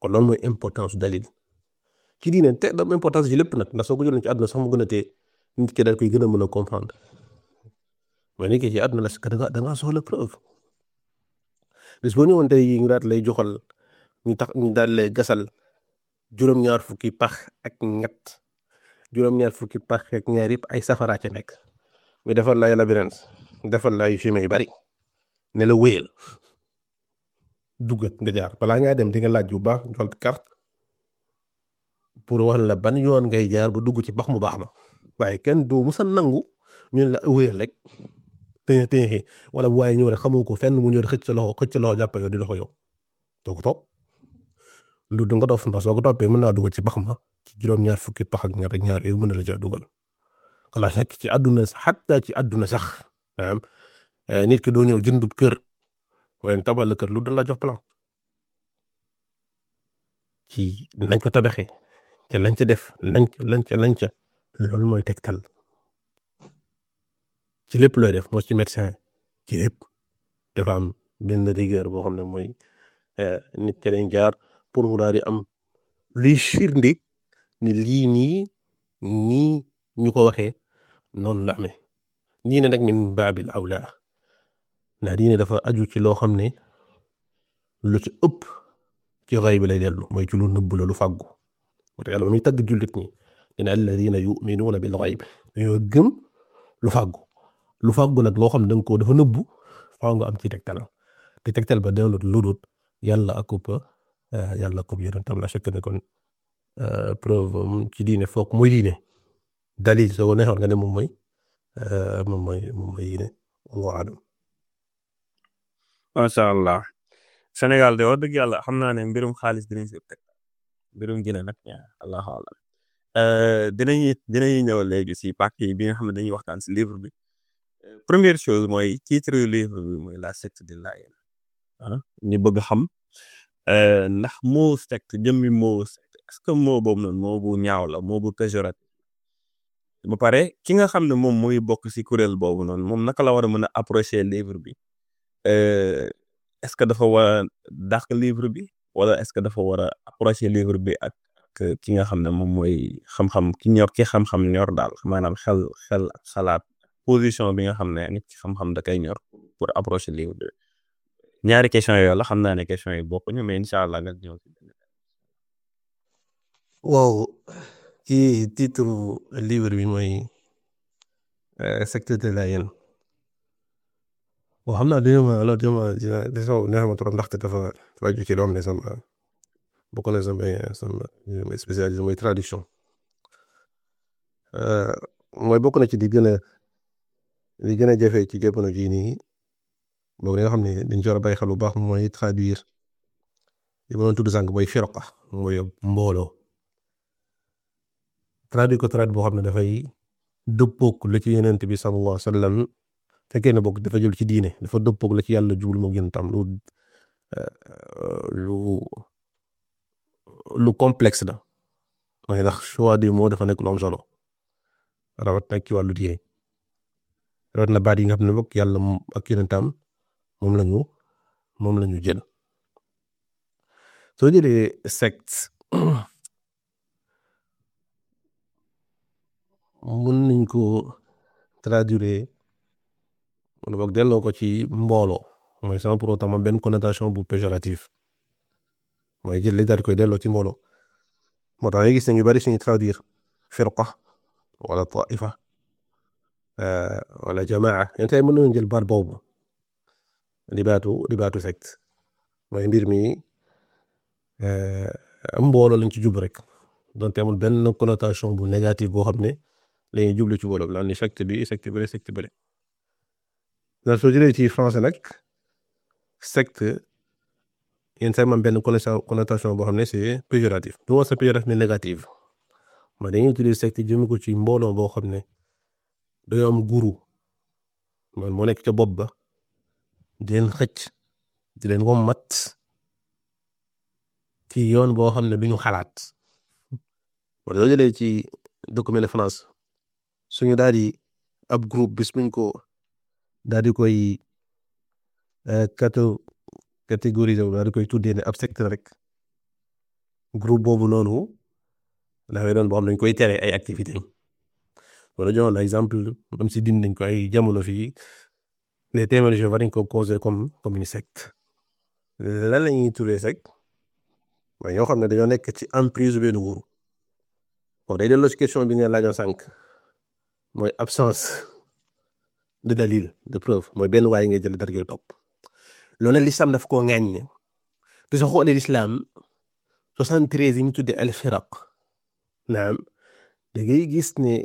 kon loolu mooy importance dalil ci diine te dam importance ji lépp nag ndax soo ko jëloon ci àdduna sax mu gën a tee nit ki daal koy gën a mën a comprendre ma nit ki ci àdduna la da ngaa soxla preuve bis boo ñëwoon tey ñu daat lay joxal ñu tax ñu daal lay gasal juróom-ñaar fukki pax ak ñett juróom-ñaar fukki pax ak ñaar yëpp ay safaraa ca nekk mais defal laay labyrinthe defal laay chemin yu bari ne la wéyal duggat nga jaar balaa ngaa dem di nga laaj bu baax ñu xool carte pour wax la ban yoon ngay jaar ba dugg ci bax mu baax ma waaye kenn du sa nangu ñu ne la wéyal rek tëye tëye wala bu waaye ñëw rek xamoo ko fenn mu ñëw xëcc sa loxo xëcc sa loxo jàpp yow di doxo yow doo ko lu du nga dof ndax soo ko toppee mën naa dugal ci pax ma ci juróom-ñaar fukki pax ak ñaar ak ñaar yooyu mën na la caa dugal wala ci àdduna xatta ci àdduna sax maanaam eh, nit ki doo ñëw jëndub kër wala tabal kër lu dul la jox ci nañ ko tabaxee ca lañ ca def lañ ca lañ ca lañ ca loolu mooy tegtal ci lépp looy def moo ci médecin ci lépp dafa am benn rigueur boo xam ne mooy eh, nit ca jaar. pour mu daal di am luy firnde ne lii nii nii ñu ko waxee noonu la amee diine nag min baabil awla ndax diine dafa aju ci loo xam ne lu ci ëpp ci xay bi lay dellu mooy ci lu nëbb la lu fàggu moo tax yàlla ba muy tagg jullit ñi dina alladina yuminuuna bil xayb dañoo gëm lu fàggu lu fàggu nag loo xam ne danga ko dafa nëbbu faaw am ci tegtal te tegtal ba dellut ludut yàlla akub Eh, yàlla ko yonentam la fekk ne kon eh, preuve ci diine foog muy diine dalil soo neexoon nga ne moom mooy eh, moom mooy moom mooy diine wallahu de wax dëgg yàlla xam naa ne mbirum xaalis dinañ si teg mbirum dina nag allah alam dinañ dinañ ñëw léegi si pàcc yi bi nga xam ne dañuy waxtaan si livre bi première chose mooy titre livre moy la secte de Layène ah ñu Euh, ndax moo sekk jëmmi moo sekk est que moo boobu noonu moo bu ñaawala la moo bu péjoratif ba pare ki nga xam ne moom mooy bokk si kuréel boobu noonu moom naka la war a mën a approcher livre bi euh, est-ce que dafa war a dàq livre bi wala est-ce que dafa war a approcher livre bi ak ki nga xam ne moom mooy xam-xam ki ñor ki xam-xam ñor daal maanaam xel xel ak xalaat position bi nga xam ne nit ki xam-xam da koy ñor pour approcher livre bi. ñaari question yooyu la xam naa ne question yi bokkuñu mais incha allah nga ñëw waaw kii titre livre bi mooy euh, secteur de la yéen waaw xam naa dina ma alors dina ma dafa ci loo xam ne sama bokk na euh, bokk na ci di gën a di gën a jafe ci jamono jii nii boobu li nga xam ne dañ ci war a bàyyi xel bu baax mooy traduire li ma doon tudd sànq mooy firqa mooy mbooloo traduire ko traduire boo xam ne dafay dëppook la ci yonent bi sallallahu alayhi wa sallam fekkee ne bokk dafa jël ci diine dafa dëppook la ci yàlla jublu moo gën tam lu lu lu complexe la mooy ndax choix des mots dafa nekk lu am solo rawat nag ci wàllu diine rawat na baat yi nga xam ne yàlla ak yonentam moom la ñu moom la ñu jël soo jëlee secte mën nañ ko traduire wala boog delloo ko ci mbooloo mooy sans pour autant benn connotation bu péjorative mooy jël li daal koy delloo ci mbooloo moo tax nga gis ne ñu bari suñu traduire firqa wala taifa euh, wala jamaa yéen tey mën nañu jël baat boobu ribaatu ribaatu secte mooy mbir mi am eh, mbooloo lañ ci jub rek donte amul benn connotation bu négative boo xam ne lañuy jublu ci wolof laan ni secte bi secte bële secte bële ndax soo jëlee ci français nag secte yenn saa yi am benn connotation boo xam ne c'est péjoratif du ma c'est péjoratif mais négative ma dañuy tuddee secte jëme ko ci mbooloo boo xam ne dañoo am guru man moo nekk ca bopp ba di leen xëcc di leen wommat ci yoon boo xam ne du ñu xalaat wala loo jëlee ci dëkk mel ne France suñu daal di ab groupe bis buñ ko daal di koy kato euh, catégoriser daal di koy tuddee ne ab secteur rek groupe boobu noonu dafay doon boo xam ne koy tere ay activité wala jox la exemple am si din nañ ko ay jamono fii les téeméeri jours war nañ ko causer comme comme une secte lan la ñuy tuddee secte mooy ñoo xam ne dañoo nekk ci emprise benn nguuru bon day delloo si question bi nga laajoon sànq mooy absence de dalil de preuve mooy benn waay ngay jël dara koy topp loolu nag l'islam daf koo ŋaññe te soo xoolee l'islam soixante treize yi ñu tuddee al firaq naam da ngay gis ne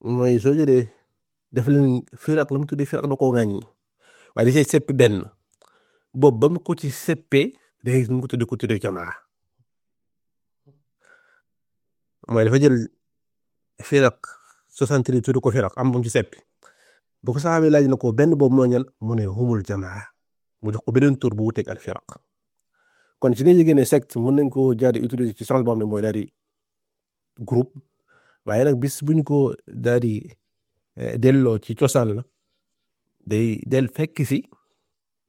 mooy soo jëlee dafa leen firaq la mu tuddee firaq da koo ŋàññi waaye da cee seppi benn boobu ba mu ko ci seppee da ngay gis mu ko tuddee ko tuddee jamaa mooy dafa jël firaq soixante li tudd ko firaq am bu mu ci seppi bu ko saxaabee laaj na ko benn boobu moo ñan mu ne humul jamaa mu jox ko beneen tur bu wuteeg al firaq kon ci dañuy génnee secte mën nañ koo jaar di utiliser ci sens boo xam ne mooy daal di waaye nag bis buñ ko daal delloo eh, ci cosaan la day del fekk si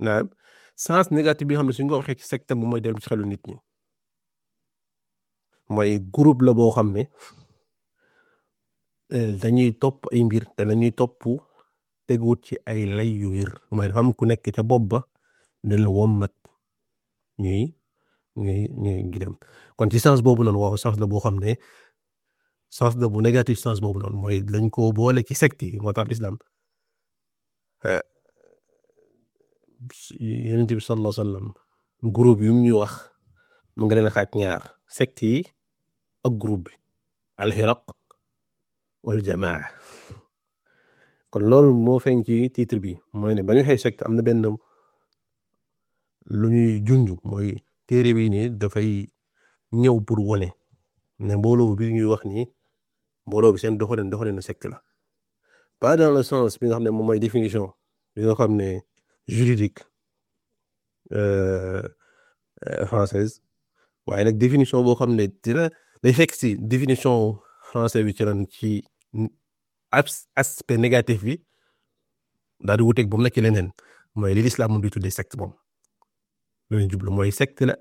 naam sens négatif bi nga xam ne suñ ko waxee ci secte moom mooy dellu ci xelu nit mooy groupe la boo xam ne eh, dañuy topp ay mbir te topp teguut ci ay lay yu wér mooy dafa am ku nekk ca bopp ba ne la wommat ñuy ñuy ñuy dem kon ci sens boobu noonu waaw la boo xam ne sens de bu négatif sens boobu noonu mooy lañ ko boole ci secte yi moo tax lislaam yonent bi sallallahu alayhi wa sallam groupe yu mu ñu wax mu nga leen xaaj ñaar secte yi ak groupe bi alxiraq wal jamaa kon loolu moo feeñ ci titre bi mooy ne ba ñu xëy secte am na benn lu ñuy junj mooy téere bi nii dafay ñëw pour wone ne mbooloo bi ñuy wax nii mbooloo bi seen doxalin doxalinu secte la pas dans le sens bi nga xam ne moom mooy définition bi nga xam ne juridique euh, euh, française waaye nag définition boo xam ne dina day fekk si définition français bi ci lan ci aspect négatif bi daal wute wuteeg na mu leneen mooy li l'islam moom di tuddee secte moom loolu jublu mooy secte la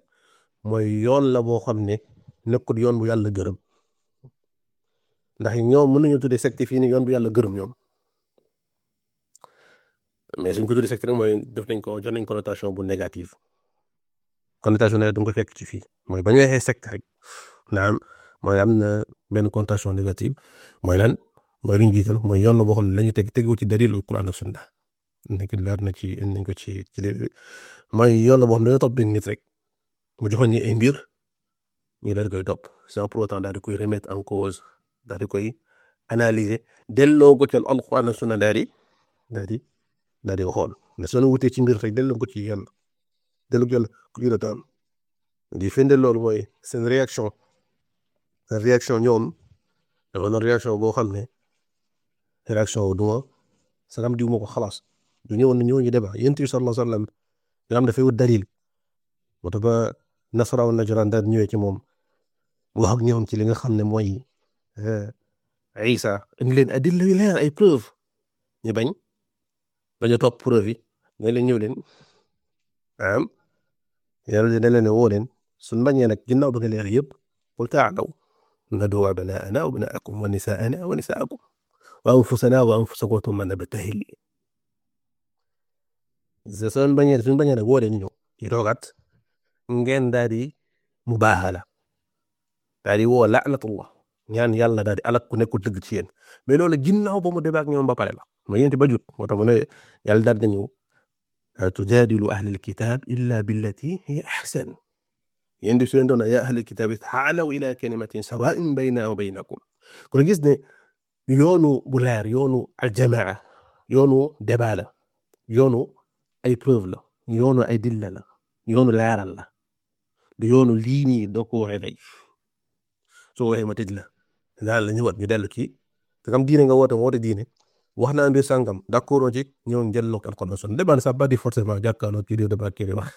mooy yoon la boo xam ne nekkul yoon bu yàlla gërëm. ndax ñoom mën nañu tuddee secte fii nii yoon bu yàlla gërëm ñoom mais suñ ko tuddee secte nag mooy def nañ ko jox nañ connotation bu négative connotation ne da nga ko fekk ci fii mooy ba ñu waxee secte rek naam mooy am na benn connotation négative mooy lan mooy lu ñu mooy yoon la bo xam ne la ñu teg tegu ci dalilu da ak sunna nekk leer na ci nañ ko ci ci mooy yoon la boo xam ne dañoo topp benn nit rek mu joxoon ñu ay mbir ñu daal koy topp sans pour autant daal di koy remettre en cause. daal di koy analyser delloo ko ci alxuraan ak sunna daal di daal di daal di xool mais soo wutee ci mbir rek delloo ko ci yàlla delloo ko yàlla la daan di firndeel loolu mooy seen réaction seen réaction ñoom dafa doon réaction boo xam ne réaction wu du ma salaam diw ma ko xalaas du ñëwoon ñëw ñu débat yéen tuuti sallallahu alayhi wa sallam nga xam dafay wut dalil moo tax ba nasaraaw najraan daal ñëwee ci moom wax ak ñoom ci li nga xam ne mooy Isa indi leen adilla yu leer ay preuve ñu bañ bañ a topp preuve yi nga leen ñëw leen am yàlla dina leen woo leen suñ bañee nag ginnaaw ba nga leer yëpp qul taalaw nadu abnaana wa abnaakum wa nisaana wa nisaakum wa anfusana wa anfusakum thumma nabtahil suñ bañee suñ bañee nag woo leen ñëw yi toogaat ngeen daal di mubaahala daal di woo laanatullah ñaan yàlla daal di alak ku nekkul dëgg ci yéen mais loolu ginnaaw ba mu demee ak ñoom ba pare la ma yéen ba jut moo tax mu ne yàlla daal di ñëw tujaadilu ahlal kitaab illa billati hiya ahsan yéen di su leen doon yaa ahlal kitaab taalaw ila kalimatin sawaa'in baynanaa wa baynakum kon gis ne yoonu bu leer yoonu aljamaa yoonu débat la yoonu ay preuve la yoonu ay dilla la yoonu leeral la yoonu lii nii doo ko waxee day soo waxee ma tëj la daal la ñëwaat ñu dellu ci te kam diine nga woote woote diine wax naa mbir sàngam d'accord woon ci ñëw njëlloo ak alxuraan sunna débat sax ba di forcément jàkkaarloo kii di débat kii di wax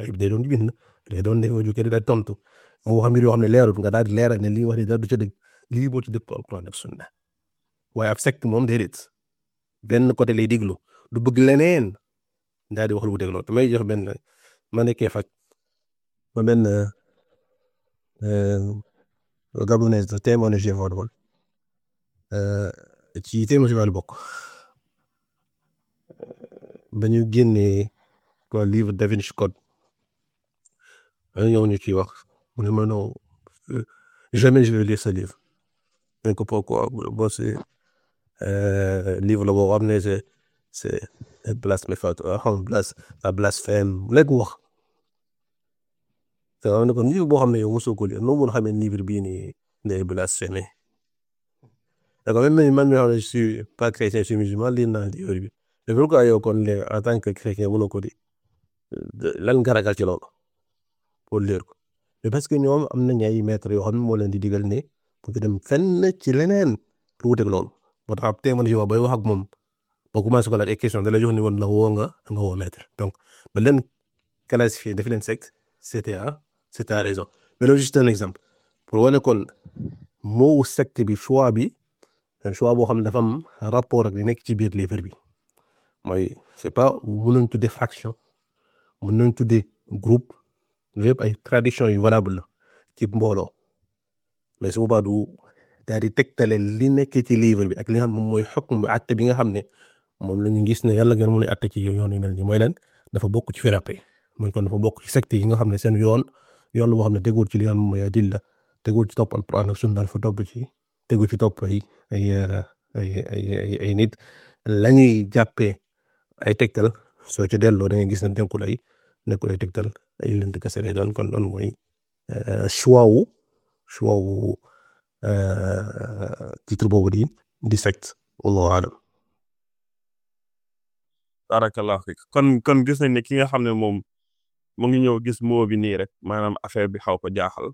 ay day doon bind day doon defoo ju kii di yoo xam ne leerut nga daal di leeral ne wax ni dara du ca dëgg lii boo ci dëpp alxuraan ak sunna waaye ab moom déedéet benn côté lay déglu du bëgg leneen daal di wax lu wuteeg loolu damay jox benn ma nekkee faj ma benn euh, Gabonais te manager football ci team Sénégal la bokk eh, ba ñu génnee quoi livre Da Vinci Code ñëw ñu ciy wax mu ne ma euh, euh, la boo xam ne c'est c'est blasphème la blasphème léegi wax dafa nekkoon livre boo xam ne yow mosoo ko lire noo mun xamee livre bii nii Ndeye Blas Aimé d'accord même man mi nga xam ne je suis pas chrétien je suis musulman lire bi mais pourquoi yow kon léegi en tant que chrétien mënoo ko lan nga ragal ci loolu pour lire ko mais parce que ñoom am nañ ay maîtres yoo xam ne moo leen di digal ne bu dem fenn ci leneen lu wuteeg loolu moo tax tey man yow bay wax ak moom boo commencé ko laaj ay question da lay ni woon la woo nga nga woo maître donc ba leen classifié def leen secte CTA c' est ta raison mais loolu juste un exemple pour wane kon moo secte bi choix bi choix boo xam ne dafa am rapport ak li nekk ci biir livre bi mooy c' est pas mën nañ tuddee faction mën nañ tuddee groupe lépp ay tradition yu valable la ci mbooloo mais su boobaa du daal di tegtale li nekk ci livre bi ak li nga xam moom mooy xukm bi àtte bi nga xam ne moom la ñu gis ne yàlla ga mën a àtte ci yoon yu mel mooy lan dafa bokk ci firaq yi mooy kon dafa bokk ci secte yi nga xam ne seen yoon. yoon woo xam ne teguwul ci li nga xam ne mooy adilla teguwul ci topp alquran ak sunna dafa ci tegu ci topp ay ay ay ay ay nit la ñuy jàppee ay tegtal soo ci delloo da ngay gis ne nekkul ay nekkul ay tegtal ay lënd kese lay doon kon loolu mooy euh, choix wu choix wu euh, titre boobu di di secte wallahu alam kon kon gis nañ ne ki nga xam ne moom mu ngi ñëw gis moo bi nii rek maanaam bi xaw ko jaaxal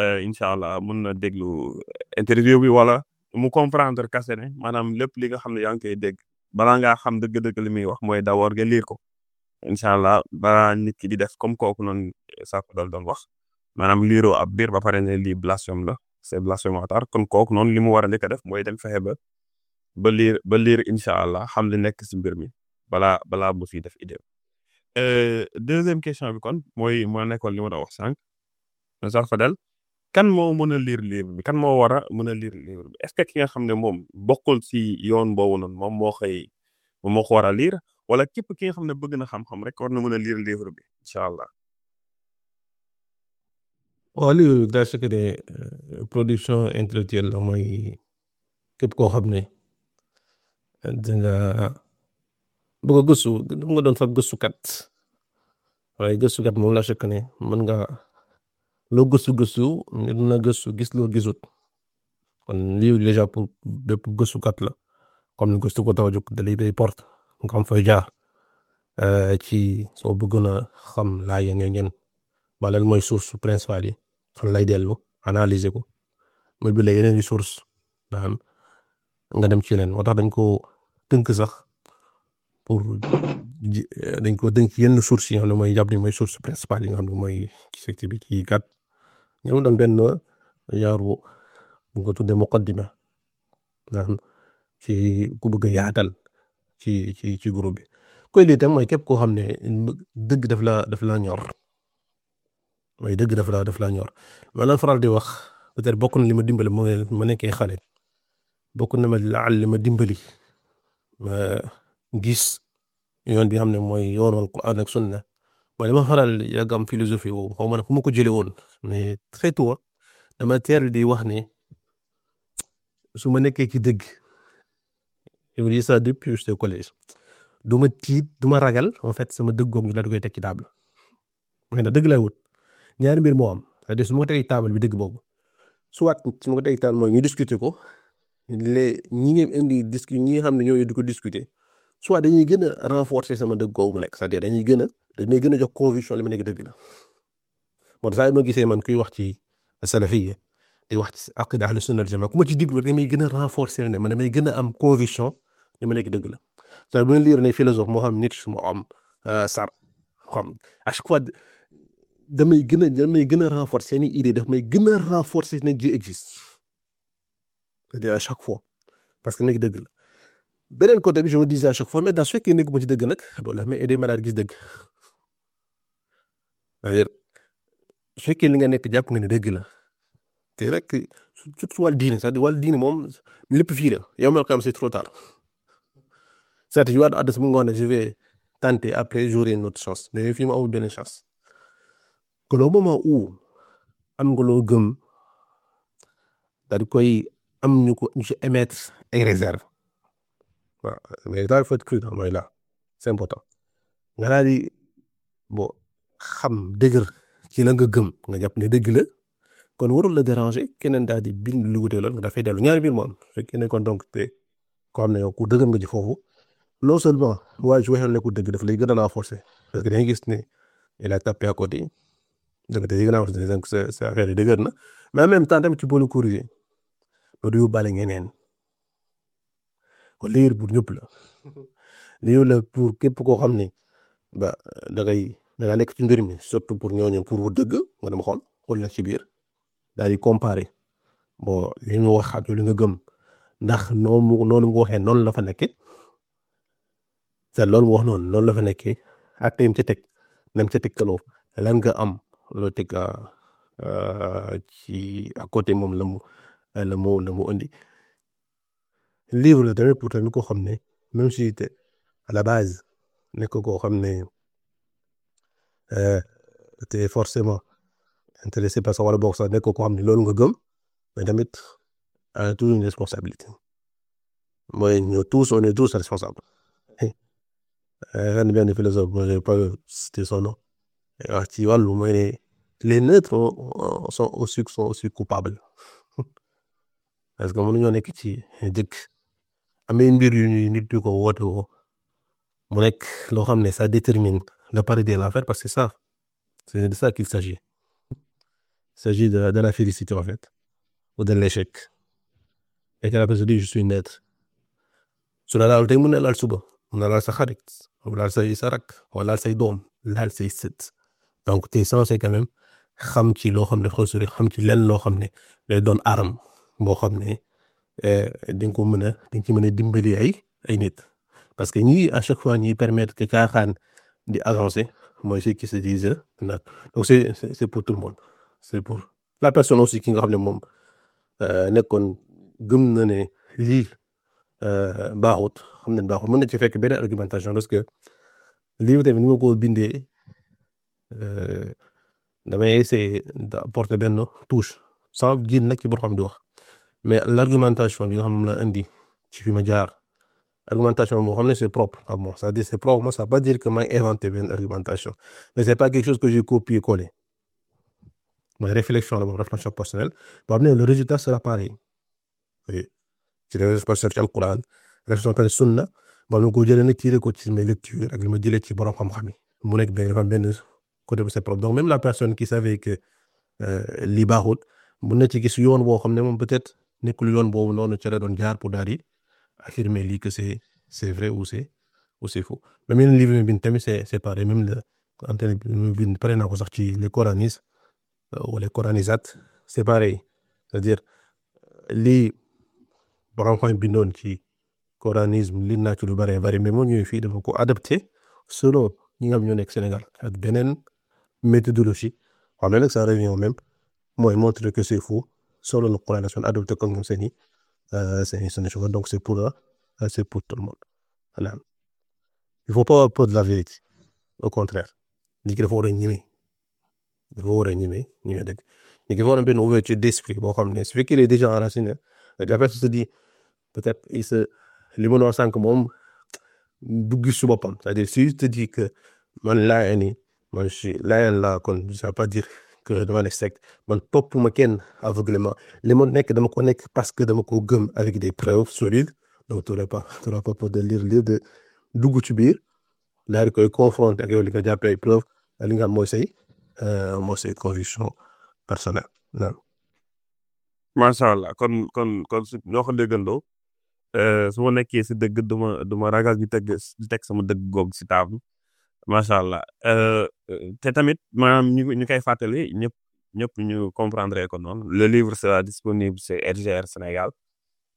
euh, incha allah mun na déglu euh, interview bi wala mu comprendre kase ne maanaam lépp li nga xam ne yaa ngi koy dégg balaa ngaa xam dëgg-dëgg li muy wax mooy d'abord nga lire ko incha allah balaa nit ki di def comme kooku noonu euh, saako dal doon wax maanaam liiroo ab biir ba pare ne lii blasphème la c'est blasphématoire kon kooku noonu li mu war a njëkk a def mooy dem fexe ba ba liir ba liir incha allah xam li nekk si mbir mi balaa balaa busi def idée Euh, deuxième question bi kon mooy moo nekkoon li ma doon wax sànq sax kan moo mën a lire livre bi kan moo war a mën a lire livre bi est-ce que nga xam ne moom bokol si yoon boobu noonu moom moo koy moo ko war a lire wala képp ki nga xam ne bëgg na xam-xam rek war na mën a lire livre bi incha allah. waaw livre bi daa production intellectuelle la mooy képp koo xam ne danga bëgg a gëstu mu nga doon fa gëstukat waaye gëstukat moom la fekk ne mën nga loo gëstu gëstu ngir na gëstu gis loo gisut kon lii déjà pour bépp gëstukat la comme ni gëstu ko taw a jóg da lay bay porte nga xam fooy jaar ci soo bëggoon a xam laa yëngu ngeen wala mooy source principale yi fan lay dellu analyser ko muy bi la yeneen i source daan nga dem ci leen moo tax dañ ko tënk sax. pour eh, dañ ko dënk yenn source yi nga xam ne mooy jàpp ni mooy source principale yi nga xam ne mooy ci secte bi ci gàtt ñoom doon benn yaaru bu nga tuddee muqaddima ci ku bëgg a yaatal ci ci ci groupe bi koy lii tam mooy képp koo xam ne dëgg def la daf la ñor mooy dëgg daf la daf la ñor ma la faral di wax peut bokk na li ma dimbali moo ma nekkee xale bokk na ma laal lima dimbali gis yoon bi nga ne mooy yoonu alquran ak sunna wali dama faral yàgg am philosophie boobu xaw ma ne fu ma ko jëlee woon mais très tôt dama teel di wax ne su ma nekkee ci dëgg je dis ça depuis j'étais au collège du ma tiit du ma ragal en fet sama dëgg googu ñu daal di koy teg ci table mais nag dëgg lay wut ñaari mbir moo am cest su ma ko teg ci table bi dëgg boobu soit su ma ko teg ci table mooy ñu discuter ko les ñi ngeen indi discu ñi nga xam ne ñoo di ko discuter. soit dañuy gën a renforcer sama dëgg googu ma nekk cest da dire dañuy gën a dañuy gën a jox conviction li ma nekk dëgg la moo saa yi ma gisee man kuy wax ci salafiyya di wax ci aqida ahlu sunna jamaa ku ma ci diglu damay gën a renforcer ne man may gën a am conviction li ma nekk dëgg la c'est-à-dire bu ñu lire ne philosophe moo xam Nietzsche moo xam euh, Sarr xam à damay gën a damay gën a renforcer seen i daf may gën a renforcer ne Dieu existe c'est-à-dire chaque fois parce que nekk dëgg la beneen côté bi je me disais à chaque fois mais dans su fekkee nekkuma ci dëgg nag loolu la may aidé ma daal gis dëgg d'ailleurs su fekkee li nga nekk jàpp nga ne dëgg la te rek surtout wàllu diine c'est-à-dire wàllu diine moom lépp fii la yow mel xam c'est trop tard c'est-à-dire yow adresse mu nga wax ne après j'aurai not autre chance mais fii mu amul benn chance que le moment où am nga loo gëm daal koy am ñu ko ñu ci ay réserve waaw mais daal il faut être prudent mooy là c'est important nga daal di bon xam dëgër ci la nga gëm nga jàpp ne dëgg la kon warul la déranger keneen daal di bind lu wutee loolu nga dafay dellu ñaari biir moom fekkee ne kon donc te ko xam ne nga ci foofu non seulement waaye su waxee ne ku dëgg daf lay gën a naa forcer parce que dañuy gis ne il a tapé à côté donc dañuy gën a forcer donc sa affaire na mais en même temps tamit ci boolu corriger ba du yóbbaale ñeneen kon liggéey pour ñëpp la liggéey la pour képp koo xam ne ba da ngay da nga nekk ci mbir mi surtout pour ñooñu pour wu dëgg nga dem xool xool na ci biir daal di comparer bon li nga wax ak li nga gëm ndax noo mu noonu nga waxee noonu la fa nekkee te loolu wax noon noonu la fa nekkee ak tey ci teg nam ci tegtaloo lan nga am loo teg ah, ah, ci à côté moom lamu mu la mu livre la tamit pour tamit koo xam ne même si te à la base nekk koo xam ne euh, te forcément intéressé par que wala boog sax nekk koo xam ne loolu nga gëm mais tamit a toujours une responsabilité mooy ñu tous on est tous responsables eh, euh, ren benn philosophe moi j'ai pas cité son nom wax ci wàllu mooy ne les neutres sont aussi sont aussi coupables parce que mënuñoo nekk ci dëkk amee mbir yu ñuy nit di ko woote woo mu nekk loo xam ne sa détermine le pari de l'affaire parce que ça c'est de ça qu'il s'agit il s'agit de, de la félicité en fait ou de l'échec et la personne dit je suis net su la laal tey mun na laal suba mun na laal sa xarit wala laal sa rak wala laal say doom laal say sët donc t'es censé quand même xam ci loo xam ne xam ci lenn loo xam ne day doon arme boo xam ne Eh, di nga ko mën a di nga ci mën a dimbali ay ay nit parce que ñi à chaque fois ñuy permettre que Kaaxaan di avancer mooy ceux qui se disent nag donc c'est c'est pour tout le monde c'est pour la personne aussi ki nga xam ne moom euh, nekkoon gëm na ne lii euh, baaxut xam nañ baaxut mën na ci fekk benn argumentation parce que lii tamit ni ma ko bindee euh, damay essayer d'apporter benn touche sans génn nag ci boo xam di wax. mais l'argumentation bi nga xam ne moom indi ci ma jaar argumentation boo xam ne c'est propre ah bon c'est-à-dire c'est propre moi ça veut pas dire que may inventé benn mais c'est pas quelque chose que j'ai copié-collé mooy réflexion la moom réflexion personnelle boo xam ne le résultat sera pareil oui ci réflexion personnelle ci alquran réflexion personnelle sunna ba ma ko jëlee nag tiire ko ci mes lectures ak li ma jëlee ci borom xam-xam yi mu nekk benn dafa benn côté bu c'est propre donc même la personne qui savait que euh, lii baaxul mun na ci gis yoon boo xam ne moom peut-être nekkul yoon boobu noonu ca la doon jaar pour daal di affirmer lii que c'est c'est vrai ou c'est ou c'est faux même yeneen livre yi bind tamit c'est c'est pareil même bind pare na ko sax ci les coranistes wala euh, coranisates c'est pareil cest dire lii borom xam bindoon ci coranisme li naa ci lu bare bare mais moo ñëwee fii dafa ko adapté selon ñi nga xam ñoo nekk Sénégal ak beneen méthodologie xam ne nag ça revient selon eh, eh, le Coran, sont adoptés comme enseigné. Euh, donc c'est pour, euh, c'est pour tout le Il faut pas avoir de la vérité. Au contraire. Il faut régner. Il faut régner. Il faut avoir une ouverture d'esprit. Bon, comme celui qui est déjà enraciné, la personne se dit, peut-être, il se, li ma moom du su boppam c'est-à-dire si je te dis man laayeen man si laayeen laa kon je ne pas dire que dama nekk secte man topp ma kenn aveuglément li ma nekk dama ko nekk parce que dama ko gëm avec des preuves solides donc tu n'auras pas de lire livre de dugg ci biir daal di koy confronter ak yow li nga jàppee ay preuves li nga am mooy say mooy say kon kon kon su ñoo ko déggandoo euh, su ma nekkee si dëgg duma duma ragal di teg di sama dëgg googu si table. macha allah euh, te tamit maanaam ñu ñu koy fàttali ñëpp ñëpp ñu comprendre ko noonu le livre sera disponible sur RGR Sénégal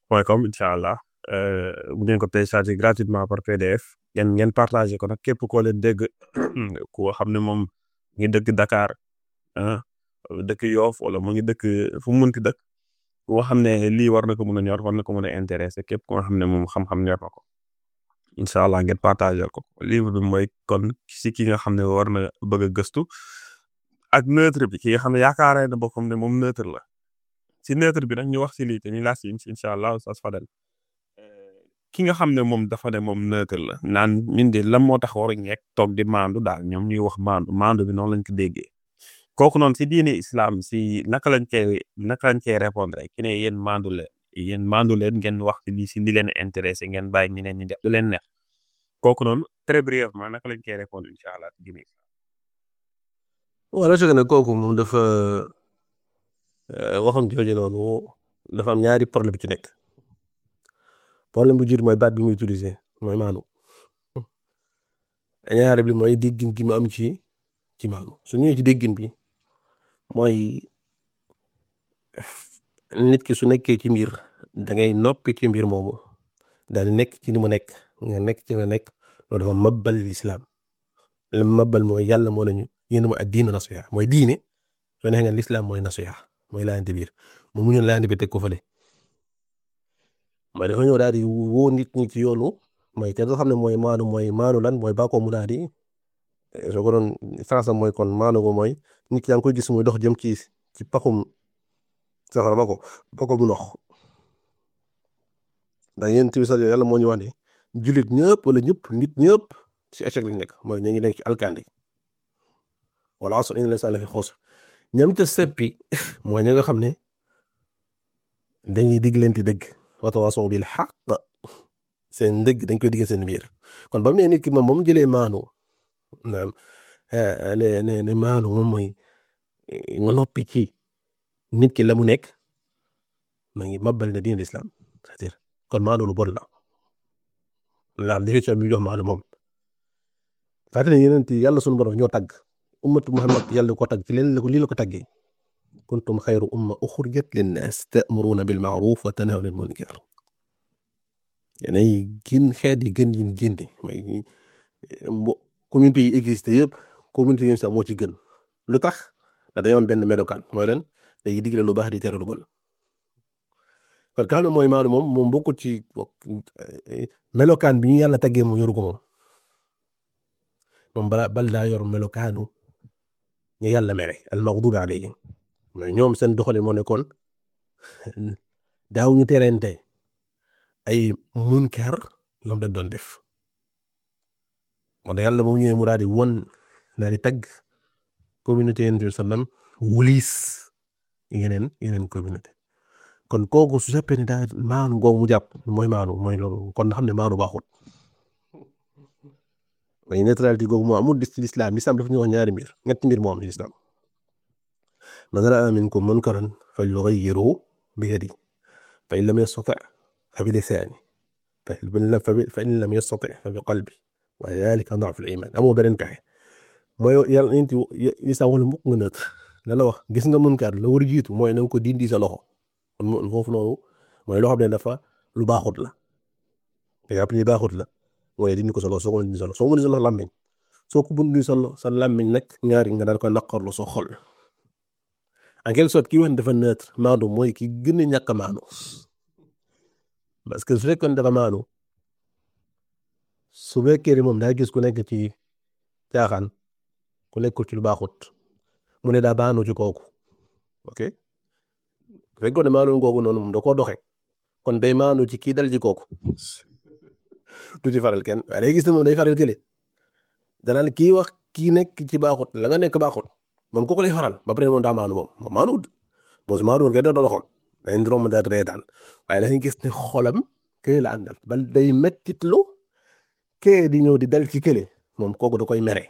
point com incha allah bu euh, ngeen ko télécharger gratuitement par PDF ngeen ngeen partagé ko nag képp koo leen dégg koo xam ne moom ngi dëkk Dakar dëkk Yoff wala mu ngi dëkk fu mu munti dëkk koo xam ne lii war na ko mën a ñor war na ko mën a intéressé képp koo xam ne moom xam-xam ñor na ko. incha allah ngeen partagé ko livre bi mooy kon si ki nga xam ne war na bëgg gëstu ak neutre bi ki nga xam ne yaakaaree na boppam ne moom neutre la si neutre bi nag ñu wax si lii te ñu laas si incha allah Oustaz Fadel euh, ki nga xam ne moom dafa ne moom neutre la naan ñun de lan moo tax waruñ nekk toog di maandu daal ñoom ñuy wax maandu maandu bi noonu lañ ko déggee kooku noonu si diine islam si naka lañ koy naka lañ koy répondre maandu la yéen mandu leen ngeen wax lii si li leen intéressé ngeen bàyyi ñeneen ñi def lu leen neex kooku noonu très brièvement naka lañ koy répondre incha allah gimi wala su ne kooku moom dafa euh, waxam jooju noonu dafa am ñaari problème ci nekk problème bu jur mooy baat bi muy utiliser mooy maanu ñaari bi mooy déggin gi mu am ci ci maanu su ñëwee ci déggin bi mooy nit ki su nekkee ci mbir dangay noppi ci mbir moomu daal nekk ci ni mu nekk nga nekk ci la nekk loolu dafa mabbal lislaam la mabbal mooy yàlla moo lañu yéen mooy ak diinu mooy diine soo neexee nga lislaam mooy nasiha mooy laajante biir mu mu ñu laajante bi teg ko fële mooy dafa ñëw daal woo nit ñi ci yoonu mooy te doo xam ne mooy maanu mooy maanu lan mooy bàkkoo mu daal di soo ko doon France mooy kon maanu ko mooy nit ki yaa ngi koy gis muy dox jëm ci ci paxum safara ba ko ba ko ndax yonent bi sallallahu alayhi wa sallam moo ñu wax ne jullit ñëpp wala ñëpp nit ñëpp ci échec lañ nekk mooy ñu ngi nekk ci alkande wal asr innal insaana lafii xusr ñam te seppi mooy ñi nga xam ne dañuy digleenti dëgg wa tawaasaw bil xaq seen dëgg dañ koy digg seen biir kon ba mu ne nit ki moom ba mu jëlee maanu naam eh, ne ne ne maanu moom mooy eh, nga noppi ci nit ki la mu nekk ma ngi mabbal na al islam kon maandu bon la ndax définition bi ñu jox maandu moom. fàttali yeneen yi yàlla sunu borom ñoo tagg ummatu Muhammad yàlla ko tagg ci leen la ko lii la ko taggee kuntum xayru umma uxrijat linnaas ta'muruuna bil ma'ruuf wa tanhawna anil munkar yeneen yi gën xeet yi gën yi gindi mooy mbo communauté yi existé yëpp communauté yi moo ci gën lu tax da dañoo am benn melokaan mooy leen day digle lu baax di tere lu bon Kaana mooy maandu moom moom bokkut ci eh, eh, melokaan bi ñu yàlla taggee moom yoru ko moom moom bal daa yor melokaanu ñu yàlla mere al maxdubi alayhim mais ñoom seen doxalin moo nekkoon daaw ñu terente ay munkar lam da doon def moo yàlla moom ñëwee mu daal di won daal di tagg communauté yeneen sallam wulis yeneen communauté kon kooku su fekkee ne daa maanu googu mu jàpp mooy maanu mooy loolu kon xam ne maanu baaxut mooy neutralité googu moo amul ci lislaam lislaam dafa ñu wax ñaari mbir ñetti mbir moo am ci lislaam man raa minkum munkaran falyughayyirhu bi yadihi fa in lam yastati fa bi lisaanihi fa in lam yastati fa bi qalbihi wa dhalika da'ful iimaan amoo beneen pexe mooy yàlla nit lislaam wala mukk nga neutre la la wax gis nga munkar la war a jiitu mooy na ko dindi sa kon foofu noonu mooy loo xam ne dafa lu baaxut la te yàpp ni baaxut la mooy dindi ko solo soo ko dindi solo soo ko dindi solo làmmiñ soo ko dindi solo sa làmmiñ nag ñaari nga daal ko naqarlu soo xol en quelque sorte ki wax dafa neutre maandu mooy ki gën a ñàkk a maandu parce que su fekkoon dafa maandu su fekkee moom daa gis ku nekk ci caaxaan ku nekkul ci lu baaxut mu ne daa baanu ci kooku bu fekkoon ne maanu googu noonu moom da koo doxee kon day maanu ci kii dal ji kooku du ci faral kenn waaye day gis ne moom day faral kële danaan kii wax kii nekk ci baaxut la nga nekk baaxut moom kooku lay faral ba pare moom daa maanu moom moom maanuwut moom su maanuwul kay da doon doxoon waaye dañuy gis ne xolam kële la àndal bal day mettit lu kee di ñëw di dal ci kële moom kooku da koy mere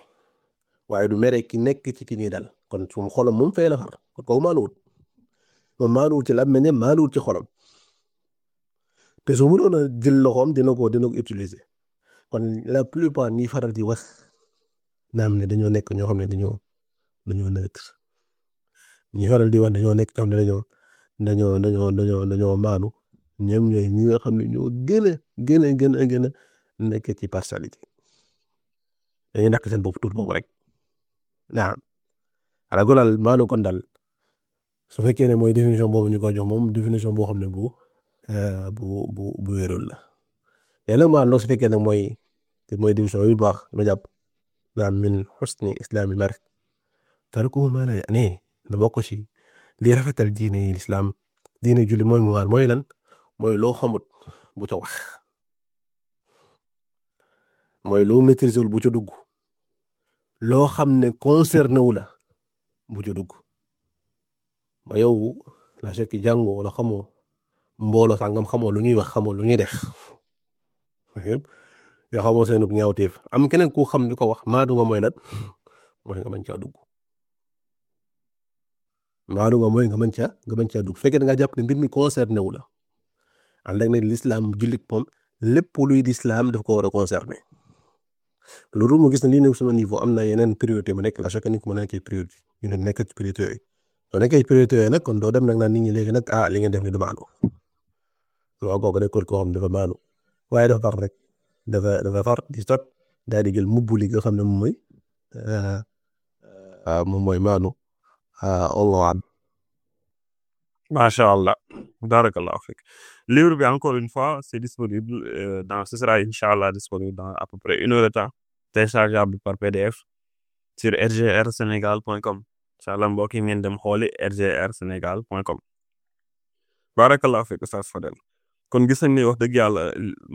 waaye du mere ki nekk ci ki nii dal kon su mu xolam moom fay la far kon kooku maanuwut moom maanuwul ci làmmiñam maanuwul ci xolam te su mënoon a jël loxoom dina ko dina ko utiliser kon la plupart ñiy di wax naam ne dañoo nekk ñoo xam ne dañoo dañoo nekk ñi faral di wax dañoo nekk xam ne dañoo dañoo dañoo dañoo dañoo maanu ñoom ñooy ñi nga xam ne ñoo gën a gën gën a gën a nekk ci partialité dañuy nakk seen bopp tuut rek naam ala kulli haal maanu su fekkee ne mooy définition boobu ñu ko jox moom définition boo xam ne bu euh, bu bu la léegi nag maanaam su fekkee ne mooy mooy définition bi baax ma jàpp naan min xusni islaami mar tarkuhu maa laa ya'niih da bokk ci li rafetal diine yi lislaam diine julli mooy mooy lan mooy loo xamut bu ca wax mooy loo maîtriser wul bu ca dugg loo xam ne concerné la bu ca dugg. ma yow la sekk jàngoo wala xamoo mbooloo sàngam xamoo lu ñuy wax xamoo lu ñuy def yoo xamoo seen ñaawteef am keneen ku xam di ko wax maadu nga mooy lan mooy nga mën caa dugg maadu nga mooy nga mën caa nga mën caa dugg fekkee da ngaa jàpp ne mbir mi concerné wu la ànd ak nag lislaam jullit moom lépp luy lislaam daf ko war a concerné loolu mu gis ne lii nekk sama la chaque nit mu nekkee soo nekkee priorité yooyu nag kon doo dem nag naan nit ñi léegi nag ah li ngeen def ni du maanu waaw kooku nekkul koo waaye dafa far rek dafa di sot daal di jël mbubb li nga xam ne moom mooy euh, euh, moom mooy maanu ah, Allah macha allah barakallahu fik livre bi encore une fois c'est disponible euh, dans ce sera incha allah disponible dans à peu près une heure par PDF sur rgrsenegal.com incha allah mbokk yi ngeen dem xooli rgr sénégal point com barakallahu fiik Oustaz Fadel kon gis nañ ne wax dëgg yàlla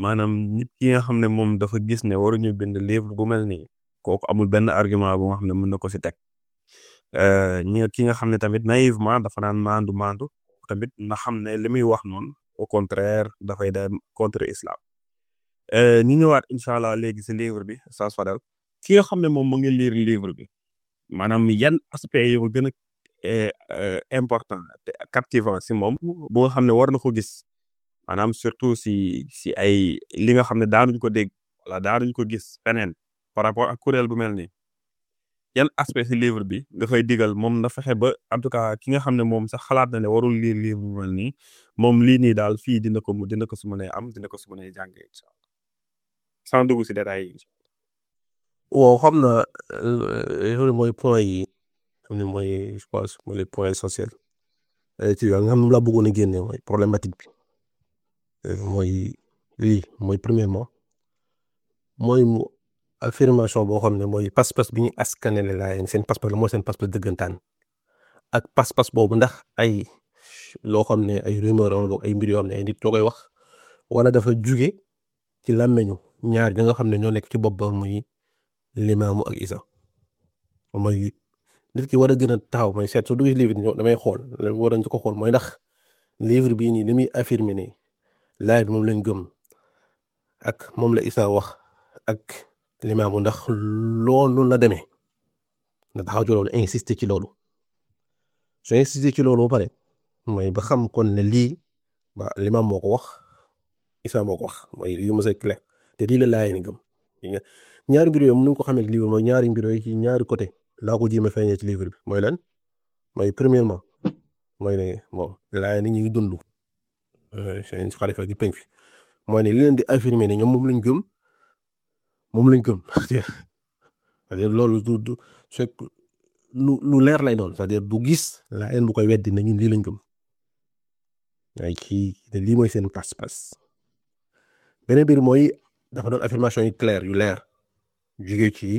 maanaam nit ki nga xam ne moom dafa gis ne waruñu bind livre bu mel nii kooku amul benn argument bu nga xam ne mën na ko si teg euh, ñi ki nga xam ne tamit naïvement dafa naan maandu maandu tamit na xam ne li muy wax noonu au contraire dafay dem contre islam euh, ñi ñëwaat incha allah léegi si livre bi Oustaz Fadel ki nga xam ne moom mu ngi lire livre bi maanaam yan aspect yoo gën a eh, eh, important te captivant si moom boo xam ne war na ko gis maanaam surtout si si ay li nga xam ne daanuñ ko dégg wala daanuñ ko gis feneen par rapport ak kuréel bu mel ni yan aspect si livre bi nga koy digal moom na fexe ba en tout cas ki nga xam ne moom sax xalaat na ne warul lire livre bu mel nii moom lii nii daal fii dina ko dina ko su mënee am dina ko su mënee jàng incha allah sans dugg si détails وقمنا yooyu mooy points yi xam na mooy je pense mooy les points essentiels ci nga xam ne laa bëggoon a génne mooy problématique bi mooy lii mooy premièrement mooy affirmation boo xam ne mooy pas-pas bi ñu askanale laa seen pas-pas la mooy seen pas-pas dëggantaan ak pas-pas boobu ndax ay loo xam ne ay rumeur ay mbir a xam ne ay nit ñoo koy wax wala dafa juge ci làmmeñu ñaar ñi nga xam ne ñoo nekk ci bopp ba muy limaamu ak isa mooy nit ki war a gën a taxaw mooy seet su dugg damay xool war nañu ko xool mooy ndax livre bii nii li muy affirmer nii moom lañ gëm ak moom la isa wax ak limaamu ndax loolu la demee nga taxaw ci loolu insister ci loolu su insister ci loolu ba pare mooy ba xam kon ne lii ba limaam moo ko wax isa moo ko wax mooy yu ma sa clair te lii ñaari mbir yooyu nu ko xamee livre mooy ñaari mbir yooyu ci ñaari côté laa ko jéem a feeñee ci livre bi mooy lan mooy premièrement mooy ne bon laaj ni ñuy dund euh, seen xalifa gi penk fi li leen di affirmer ne ñoom moom lañ gëm moom lañ gëm cest à loolu du lu lu leer lay doon c'est-à-dire du gis laaj bu koy weddi ne ñun lii lañ gëm waaye kii lii mooy seen pas-pas beneen mbir mooy dafa doon affirmation yu claire yu leer. jóge ci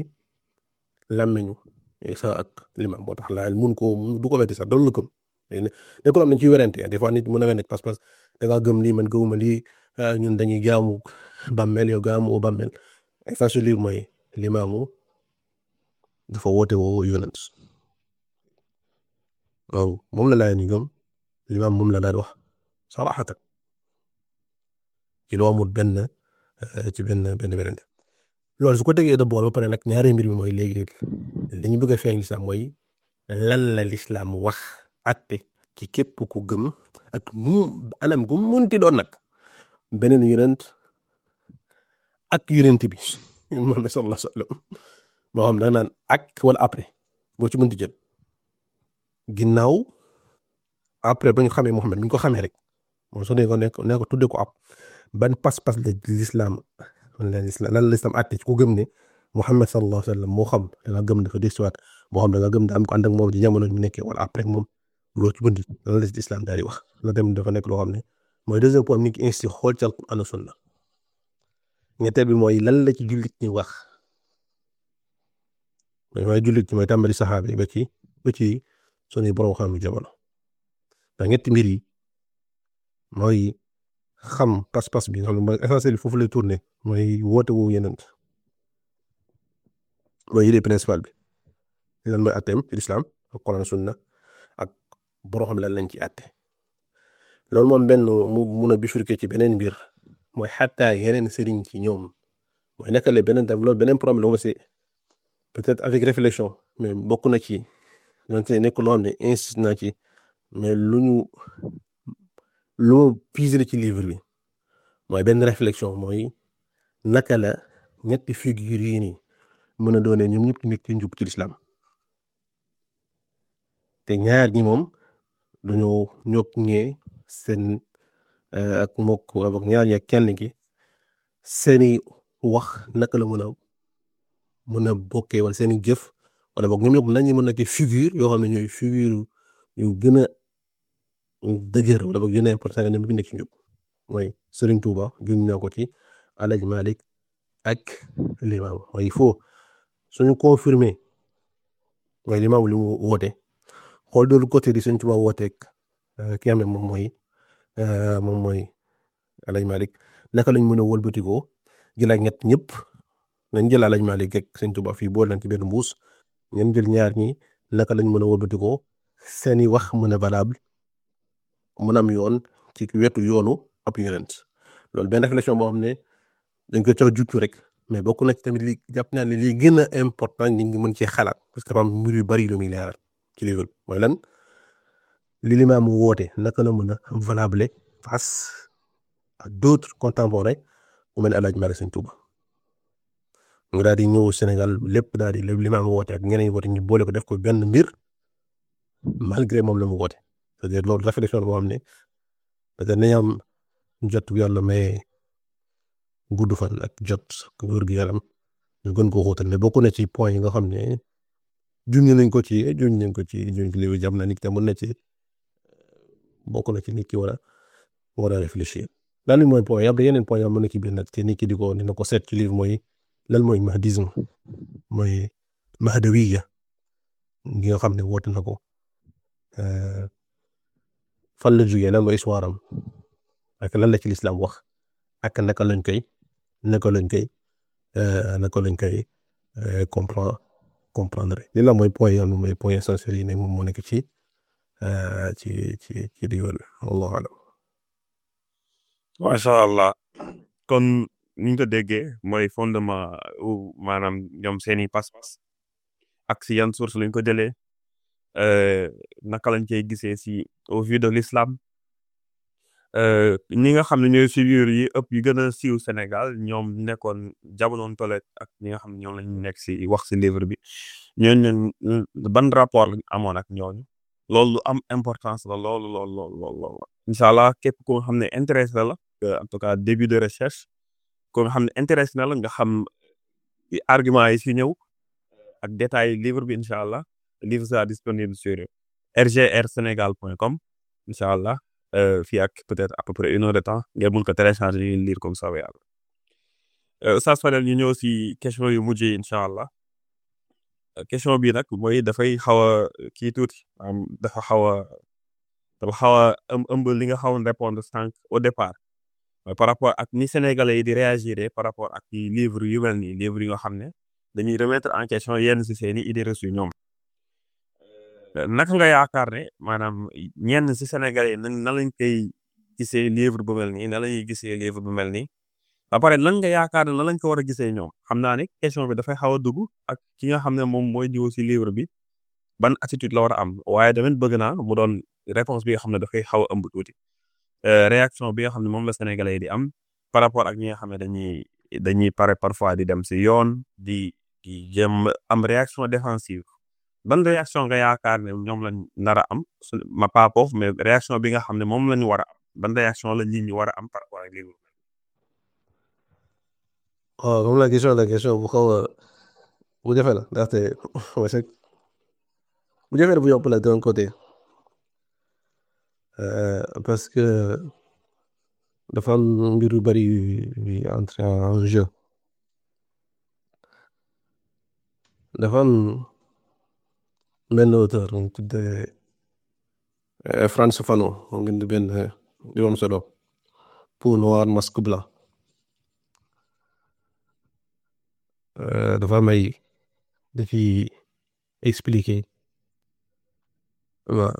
làmmiñu Isa ak limaam boo tax laayal mun koo du ko wetti sax doon la gëm léegi am nañ ci werante des fois nit mën na nekk parce que da ngaa gëm lii man gëwuma lii ah, ñun dañuy jaamu bàmmeel yow gaamu bàmmeel Isa su liir mooy limaamu dafa woote woo yonent waaw moom la laayal ñu gëm limaam moom la daan wax saraxatan ci loo amul benn eh, ci loolu su ko tegee de bool ba pare nag ñaari mbir mi mooy léegi li ñu bëgg a feeñ lislaam mooy lan la lislaam wax atte ci képp ku gëm at mu anam gu munti doon nag beneen yonent ak yonent bi Muhammad sallallahu alayhi wa sallam moo xam da nga ak wala après boo ci munti jël ginnaaw après ba ñu xamee Muhammad bi ñu ko xamee rek moom sax nee ko nee ko tuddee ban pas-pas la lislaam lan la islam lan la islam àtte ci ku gëm ne Muhammad sallallahu alayhi wa sallam moo xam da nga dafa desuwaat moo xam da nga gëm da am ko ànd ak moom ci jamono ñu nekkee wala après moom loo ci bënd lan la ci islam daal di wax la dem dafa nekk loo xam ne mooy deuxième point ni ki insi xool ci alquran ak sunna ñetteel bi mooy lan la ci jullit ñi wax mooy jullit ñi mooy tàmbali saxaaba yi ba ci ba ci suñuy borom xam jamono ndax xam pas-pas bi loolu mooy essentiel foofu lay tourné mooy woote woowu yeneen mooy idée principale bi lan mooy atteem ci lislaam ak sunna ak borom la lan lañ ci atte loolu moom benn mu mun a bifurquer ci beneen mbir mooy xataa yeneen seriñ ci ñoom mooy naka beneen tam loolu beneen problème la aussi peut-être avec réflexion mais bokk na ci donc nekk loo ne insiste naa ci mais luñu lu ma puiser ci livre bi mooy benn réflexion mooy naka la ñetti figure yi nii mën a doone ñoom ñëpp nekk ci njub ci lislaam te ñaar ñi moom dañoo ñokk ñee seen eh, mbokk ak kenn ki seeni wax naka la mën a mën bokkee wala seeni jëf wala boog ñoom ñëpp nañu mën a ki figure yoo xam ñooy figure yu gën dëgër wala boog yu ne pour cent ñoom ñu nekk ci njub mooy Serigne Touba juñ na ko ci Alaaji Malik ak limaam mooy il faut suñu confirmer mooy limaam li mu woote xool de côté di Serigne Touba wooteeg euh, ki amee moom mooy euh, moom mooy Alaaji Malik naka lañ mën a wëlbatikoo jël ak ñett ñëpp nañ jël Alaaji Malik ak Serigne Touba fii boole nañ ci benn mbuus ñen jël ñaar ñi naka lañ mën a wëlbatikoo seeni wax mën a valable mën am yoon ci wetu yoonu ab yonent loolu benn réflexion boo xam ne dañ ko ca juttu rek mais bokk na tamit li jàpp naa ne li gën important ñi ngi mën cee xalaat parce que dafa am yu bari lu muy leeral ci li mooy lan li mu woote naka na mën a valable face à d'autres contemporains mu mel ne El Hadj Malick Sëñ Touba daal di ñëw Sénégal lépp daal di lépp limaam woote ak ñeneen woote ñu boole ko def ko benn mbir malgré moom la mu woote. c'est-à-dire loolu réflexion la boo xam ne peut-être nañ am jot bu yàlla may gudd fan ak jot wér gu yaram ñu gën ko xóotal bokk na ci point yi nga xam ne junj nañ ko ci junj nañ ko ci junj li jam na nit te mën na ci bokk na ci nit ki war a war a réfléchir lan mooy point yam da yeneen point yam mën na ci bind te nit ki di ko dina ko seet ci mooy lan mooy mahdisme mooy mahdawiya gi nga xam ne woote na ko euh, fan la jugee lan mooy histoire am ak lan la ci lislaam wax ak naka lañ koy naka lañ koy euh, naka lañ koy euh, comprendre comprendre li la mooy point yi mooy point yi ne moom moo nekk ci euh, ci ci ci diwal wallahu alam macha allah kon ni ñu ko déggee mooy fondement maanaam ñoom seeni pas-pas ak si yan source lañ ko jëlee Euh, naka lañ cey gisee si au vu de l'islam euh, ñi nga xam ne ñooy figure yi ëpp yi gën a siiw Sénégal ñoom nekkoon jamonoon tolet ak ñi nga xam ne ñoom lañ nekk si wax si livre bi ñooñu ban rapport lañ amoon ak ñooñu loolu lu am importance la loolu loolu loolu képp ku xam ne intéressé la en tout cas début de recherche ku xam ne intéressé na la nga xam argument yi si ñëw ak détail livre bi incha allah livre sera disponible sur rgrsénégal.com incha allah euh, fii ak peut-être à peu près une heure de temps ngeen mun ko télécharger ngeen lire comme ça wa yàlla. Euh, Oustaz ñu ñëw si question yu mujj yi allah euh, question bi nag mooy dafay xaw a kii tuuti dafa xaw a dafa xaw a ëmb li nga xawoon répondre sànq au départ. par rapport ak ni Sénégalais yi di réagir par rapport ak livre yu mel nii livre yi nga xam ne dañuy remetre en question yenn si seen i idées reçues ñoom. naka nga yaakaar ne maanaam ñenn si Sénégalais nan nan lañ koy gisee livre bu mel nii nan la ñuy gisee livre bu mel nii ba lan nga yaakaar ne lan lañ ko war a gisee ñoom xam naa ne question bi dafay xaw a dugg ak ki nga xam ne moom mooy jiw si livre bi ban attitude la war a am waaye tamit bëgg naa mu doon réponse bi nga xam ne dafay xaw a ëmb tuuti euh, réaction bi nga xam ne moom la Sénégalais di am par rapport ak ñi nga xam ne dañuy dañuy pare parfois di dem si yoon di di jéem am réaction défensive. ban réaction nga yaakaar ne ñoom lañ nar am ma pas foofu mais réaction bi nga xam ne moom lañu war a am ban réaction la nit ñi war a am par rapport ak lii. waaw oh, la question la question bu xaw a bu la ndaxte bu jafe bu yomb la d'un côté euh, parce que dafa am mbir yu bari entre en jeu dafa benn auteur mu tuddee eh, Frantz benn li eh, am solo Peau noire masque eh, dafa may dafi expliquer waaw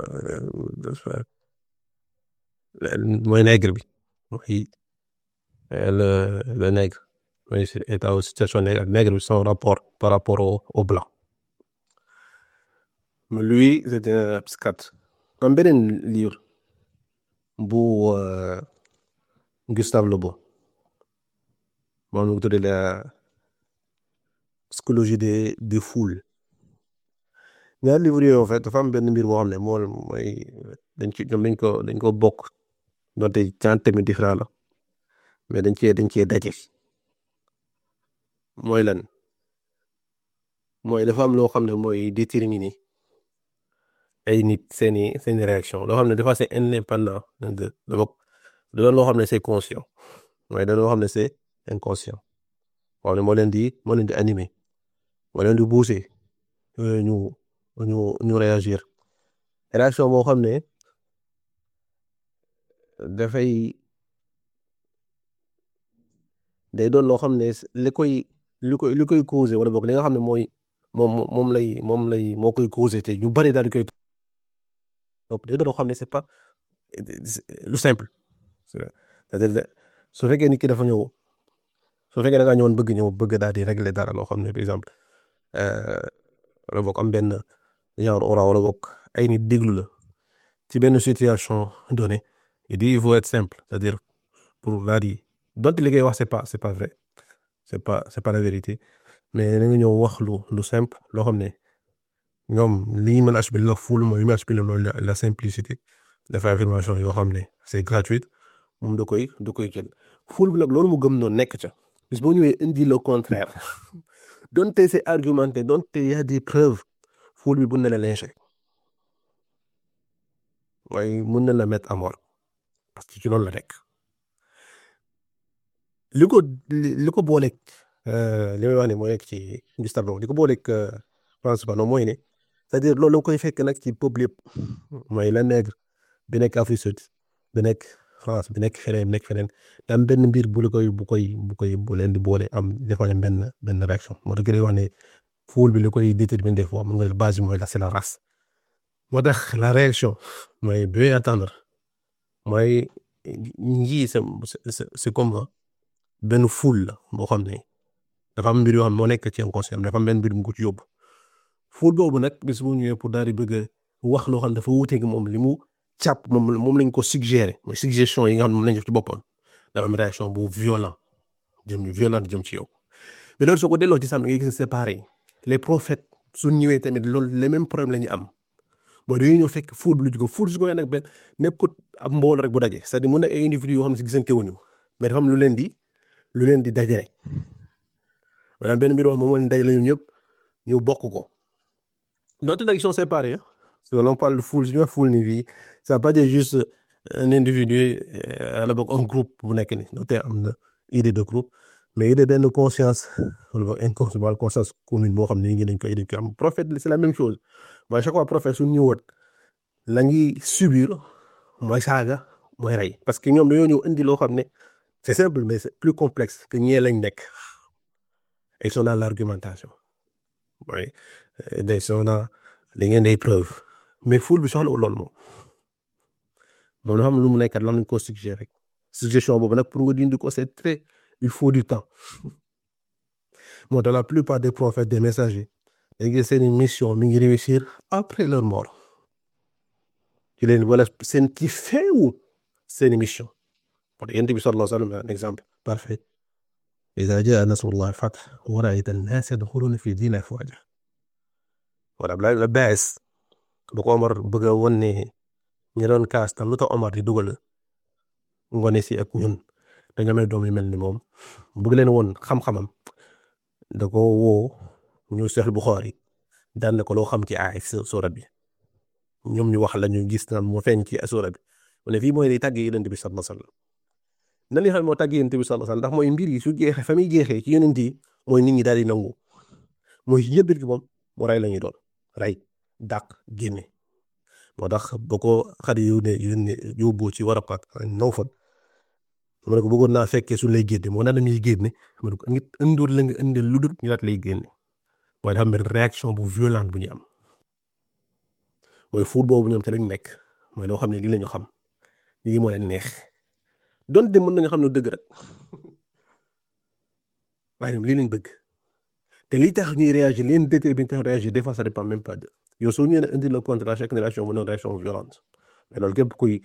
mooy bi mooy le le nègre mooy état situation nègre bi son rapport par rapport au blanc Lui, zitten psychiater. Am beneen livre bu euh, Gustave Le Bon moom mu la psychologie des des foul ñaari livre yooyu en fait dafa am benn mbir boo xam ne moom mooy dañ ci ñoom dañ ko dañ ko bokk donte genre thème différent la mais dañ cee dañ cee daje mooy lan mooy dafa am loo xam ne mooy déterminé ay nit seeni seeni réaction loo xam ne des fois c'est indépendant de de doon loo xam ne c'est conscient waaye da loo xam ne c'est inconscient waaw ne moo leen di moo leen di animé moo leen di bousé ñu ñu ñu réagir réaction boo xam ne dafay day doon loo xam ne li koy li koy li koy causé wala boog li nga xam ne mooy moom moom lay moom lay moo koy causé te ñu bari daal di koy donc day doon xam ne c'est pas lu simple. c'est-à-dire su fekkee dafa ñëw su fekkee da ñëwoon bëgg ñëw bëgg daal di régler dara loo xam ne par exemple euh, wala boog am benn genre wala boog ay nit déglu la ci benn situation donnée il dit pour daal di donte li ngay wax c'est pas c'est pas vrai c'est pas la vérité mais da nga ñëw wax lu lu simple loo xam ne. ñoom li ñu mën a acheter leur foule mooy li loolu la la simplicité dafa information yoo xam ne c'est gratuite moom da koy da koy jël bi nag loolu mu gëm noonu nekk ca bis ñëwee indi le donte c'est argumenté donte y a des bi mën na la lyncher waaye mën na la mettre à mort parce que ci loolu la nekk li ko li ko booleeg euh, li may wax ne moo nekk ci gis li ko booleeg euh, principalement mooy ne. c'est-à-dire koy fekk nag ci peuple yëpp mooy la nègre bi nekk Afrique sud bi nekk France bi nekk feneen nekk feneen daan benn mbir bu koy bu koy bu koy bu leen di boole am defoo benn benn réaction moo tax wax ne foule bi la koy déterminer des fois mën nga base bi mooy la c'est la race. tax la réaction mooy bi ñuy attendre mooy ñii c'est benn foule la boo xam ne dafa am mbir yoo xam ne moo nekk ci inconscient dafa am benn mbir mu ko yóbbu. fóot boobu nag su bu ñëwee pour daar di bëgg wax loo xam dafa wuuteeg moom li mu càpp moom moom lañ ko suggéré mooy suggestion yi nga xam ne moom lañ def ci boppam dafa am réaction bu violent jëm violent jëm ci yow. mais soo ko delloo ci sàmm nga gis séparé les prophètes su ñëwee tamit loolu les mêmes problèmes la ñu am mooy dañuy ñëw fekk fuut bu lu jóg fóot su ko nag benn nekkut am mbooloo rek bu daje cest di dire mu nekk ay individu yoo xam ne si gisante wuñu mais dafa lu leen di lu leen di dajale maanaam benn mbir wax moom moo leen dajale ñoom ñëpp ñu bokk ko Notre ils sont séparés. Hein? Parce que l'on parle de foule, je foule Nivi. Ça ne pas dire juste euh, un individu, euh, à la un groupe, vous n'êtes qu'un idée de groupe. mais idée benn conscience wala boog inconscient conscience commune boo xam ne ngi dañ koy def am prophète c'est la même chose mooy chaque fois prophète su ñëwoon la ngi subir mooy saaga mooy rey parce que ñoom ñoo ñëw indi loo xam ne c'est simple mais c'est plus complexe que ñee lañ nekk ils sont dans l'argumentation right? Daytona, dangeen day preuve mais foule bi soxlawul loolu moom moom dafa am lu mu nekk lan ko suggéré rek suggestion boobu nag pour nga dindi ko c'est très il faut du temps moo tax la plupart de prophètes des messagers dañ gis seen mission mi ngi réussir après leur mort ci leen wala seen ci feewu seen mission. Yonent bi sallallahu alayhi wa sallam un exemple parfait إذا جاء نصر الله الفتح ورأيت الناس يدخلون في دين أفواجا والباعث bu Omar bëgg a won ne ñi doon kaas tam lu tax Omar di dugal ngone si ak ñun dañoo mel doom yu mel ni moom bëgg leen woon xam-xamam da ko woo ñu Seex Buxaari daan na ko loo xam ci aay sóora bi ñoom ñu wax la ñu gis naan mu feeñ ci sóora bi mu ne fii mooy tàgg yi Yonent bi sallallahu alayhi wa nan li xam ne moo tàgg yonent bi sallallahu alayhi wasallam ndax mooy mbir yi su jeexee fa muy jeexee ci yonent yi mooy nit ñi daal di nangu mooy yëbbit bi moom mu rey la ñuy doon rey dàq génne moo tax boo ko xadi yu ne yu ne yóbbu ci Waraqa naw fan mu ne ko bëggoon naa fekkee suñ lay génne moo naa dañuy génne mu ne ko nit indiwul la nga indil lu dul ñu daat lay génne waaye dafa mel réaction bu violente bu ñu am mooy fuut boobu ñoom te lañ nekk mooy loo xam ne lii la ñu xam lii moo leen neex donte mën nañu xam ne dëgg rek waaye ñoom lii lañ bëgg te lii tax ñuy réagir leen déter bi ñu tax réagir des fois ça dépend même pas de yow soo ñëwee indi le contrat chaque réaction mu ne réaction violente mais loolu képp kuy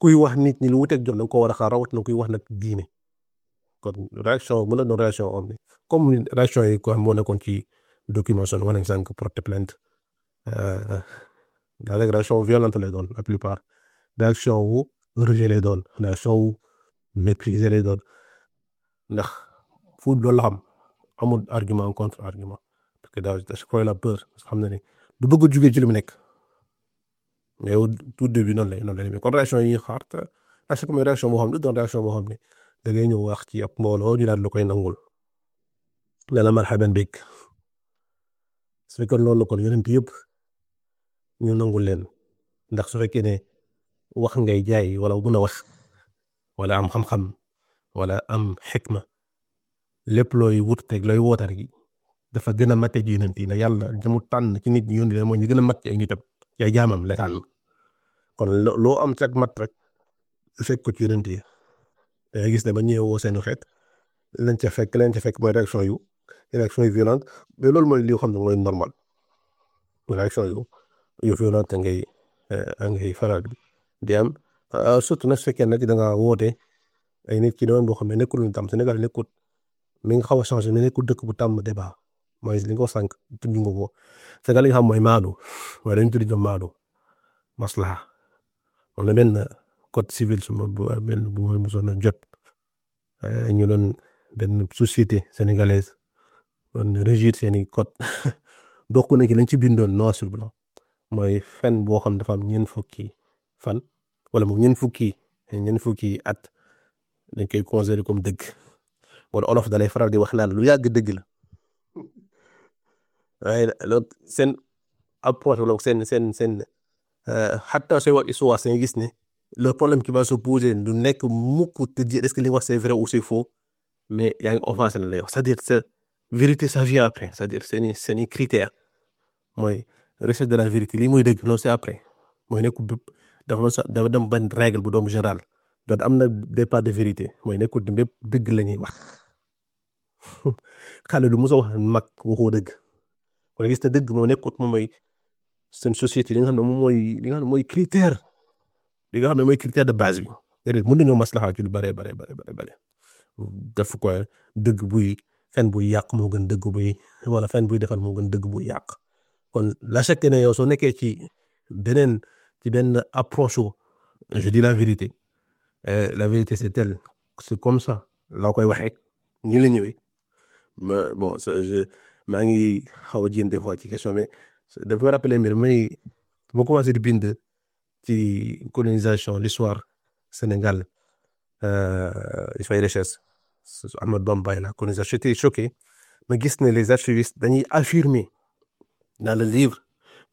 kuy wax nit ñi lu wuteeg jot da nga ko war a xaar rawat na kuy wax nag diine kon réaction mën na doon réaction am comme réaction yi quoi moo nekkoon ci document son wane sànq porte plainte daanaka euh, euh, réaction violente lay doon la plupart réaction wu. rejeté doon ndax soow maîtrisé lay doon ndax fu loolu la xam amul argument contre argument parce que daaw su koy la peur xam na ne du bëgg jugee ci li mu nekk mais tout début noonu lay noonu lay mais kon réaction yi xaar te c'est comme réaction boo xam ne doon réaction xam ne da ñëw wax ci ab mbooloo ñu daal la koy nangul la la marhaban bik su fekkoon loolu la kon yonent yëpp ñu nangul leen ndax su fekkee ne wax ngay jaay wala mën a wax wala am xam-xam wala am xikma lépp looy wut teg looy woote dafa gën a mate ci yonent yi na yàlla damu tànn ci nit ñi yónni leen mooy ñu gën a mat ci ay nitam ci ay jaamam la tànn kon loo am ci mat rek fekk ko ci yonent yi da ngay gis ne ba ñëwoo seenu xeet lañ ca fekk lañ ca fekk mooy réaction yu réaction yu violente mais loolu li xam ne mooy normal réaction yu yu violente ngay euh, ngay di am ah, surtout nag su fekkee nag da ngaa woote ay nit ki doon boo xam ne nekkul ñu tam Sénégal nekkut mi ngi xaw a changé mais nekkul dëkk bu tàmm débat mooy li nga ko sànq tudd nga ko Sénégal xam mooy maadu mooy dañu tudd ñoom maadu maslaha moom la benn code civil su ben bu benn a jot ñu doon benn société sénégalaise doon régir seen i code bokk na ci lañ ci bindoon noir sur blanc fen boo xam dafa am ñeent fukki fan wala moom ñeent fukki ñeent fukki at dañ koy considéré comme dëgg wala olof da faral di wax naan lu yàgg dëgg la waaye loolu seen apporte wala seen seen seen xataa euh, sooy wax histoire seen gis ne le problème qui va se du nekk mukk te dire est-ce que li wax c'est vrai ou c'est mais yaa ngi offensé la lay wax cest dire sa vérité ça vient après c'est-à-dire seen i seen mooy recherche de la vérité lii mooy dëgg non c'est après mooy dafa ma sa dafa dem benn règle bu doom général donc am na des parts de vérité mooy nekkul di bépp dëgg la ñuy wax xale lu mos a wax mag waxoo dëgg kon gis dëgg moo nekkut moom mooy seen société li nga xam ne moom mooy li nga xam ne mooy critère li nga xam ne mooy critère de base bi déedéet mën nañoo maslaxa ci lu bare bare bare bare bare def ko dëgg buy fen buy yàq moo gën dëgg buy wala fen buy defar moo gën dëgg buy yàq kon la chaque ne yow soo nekkee ci beneen ci benn approche je dis la vérité euh, la vérité c'est telle c'est comme ça laa koy waxee ñu la ñëwee ma bon maa ngi xaw a jéem des fois ci question mais dafa ma rappeler mbir bind ci colonisation l'histoire Sénégal di fay recherche Ahmad Bamba la colonisation j'étais ma gis ne les archivistes dañuy affirmer dans le livre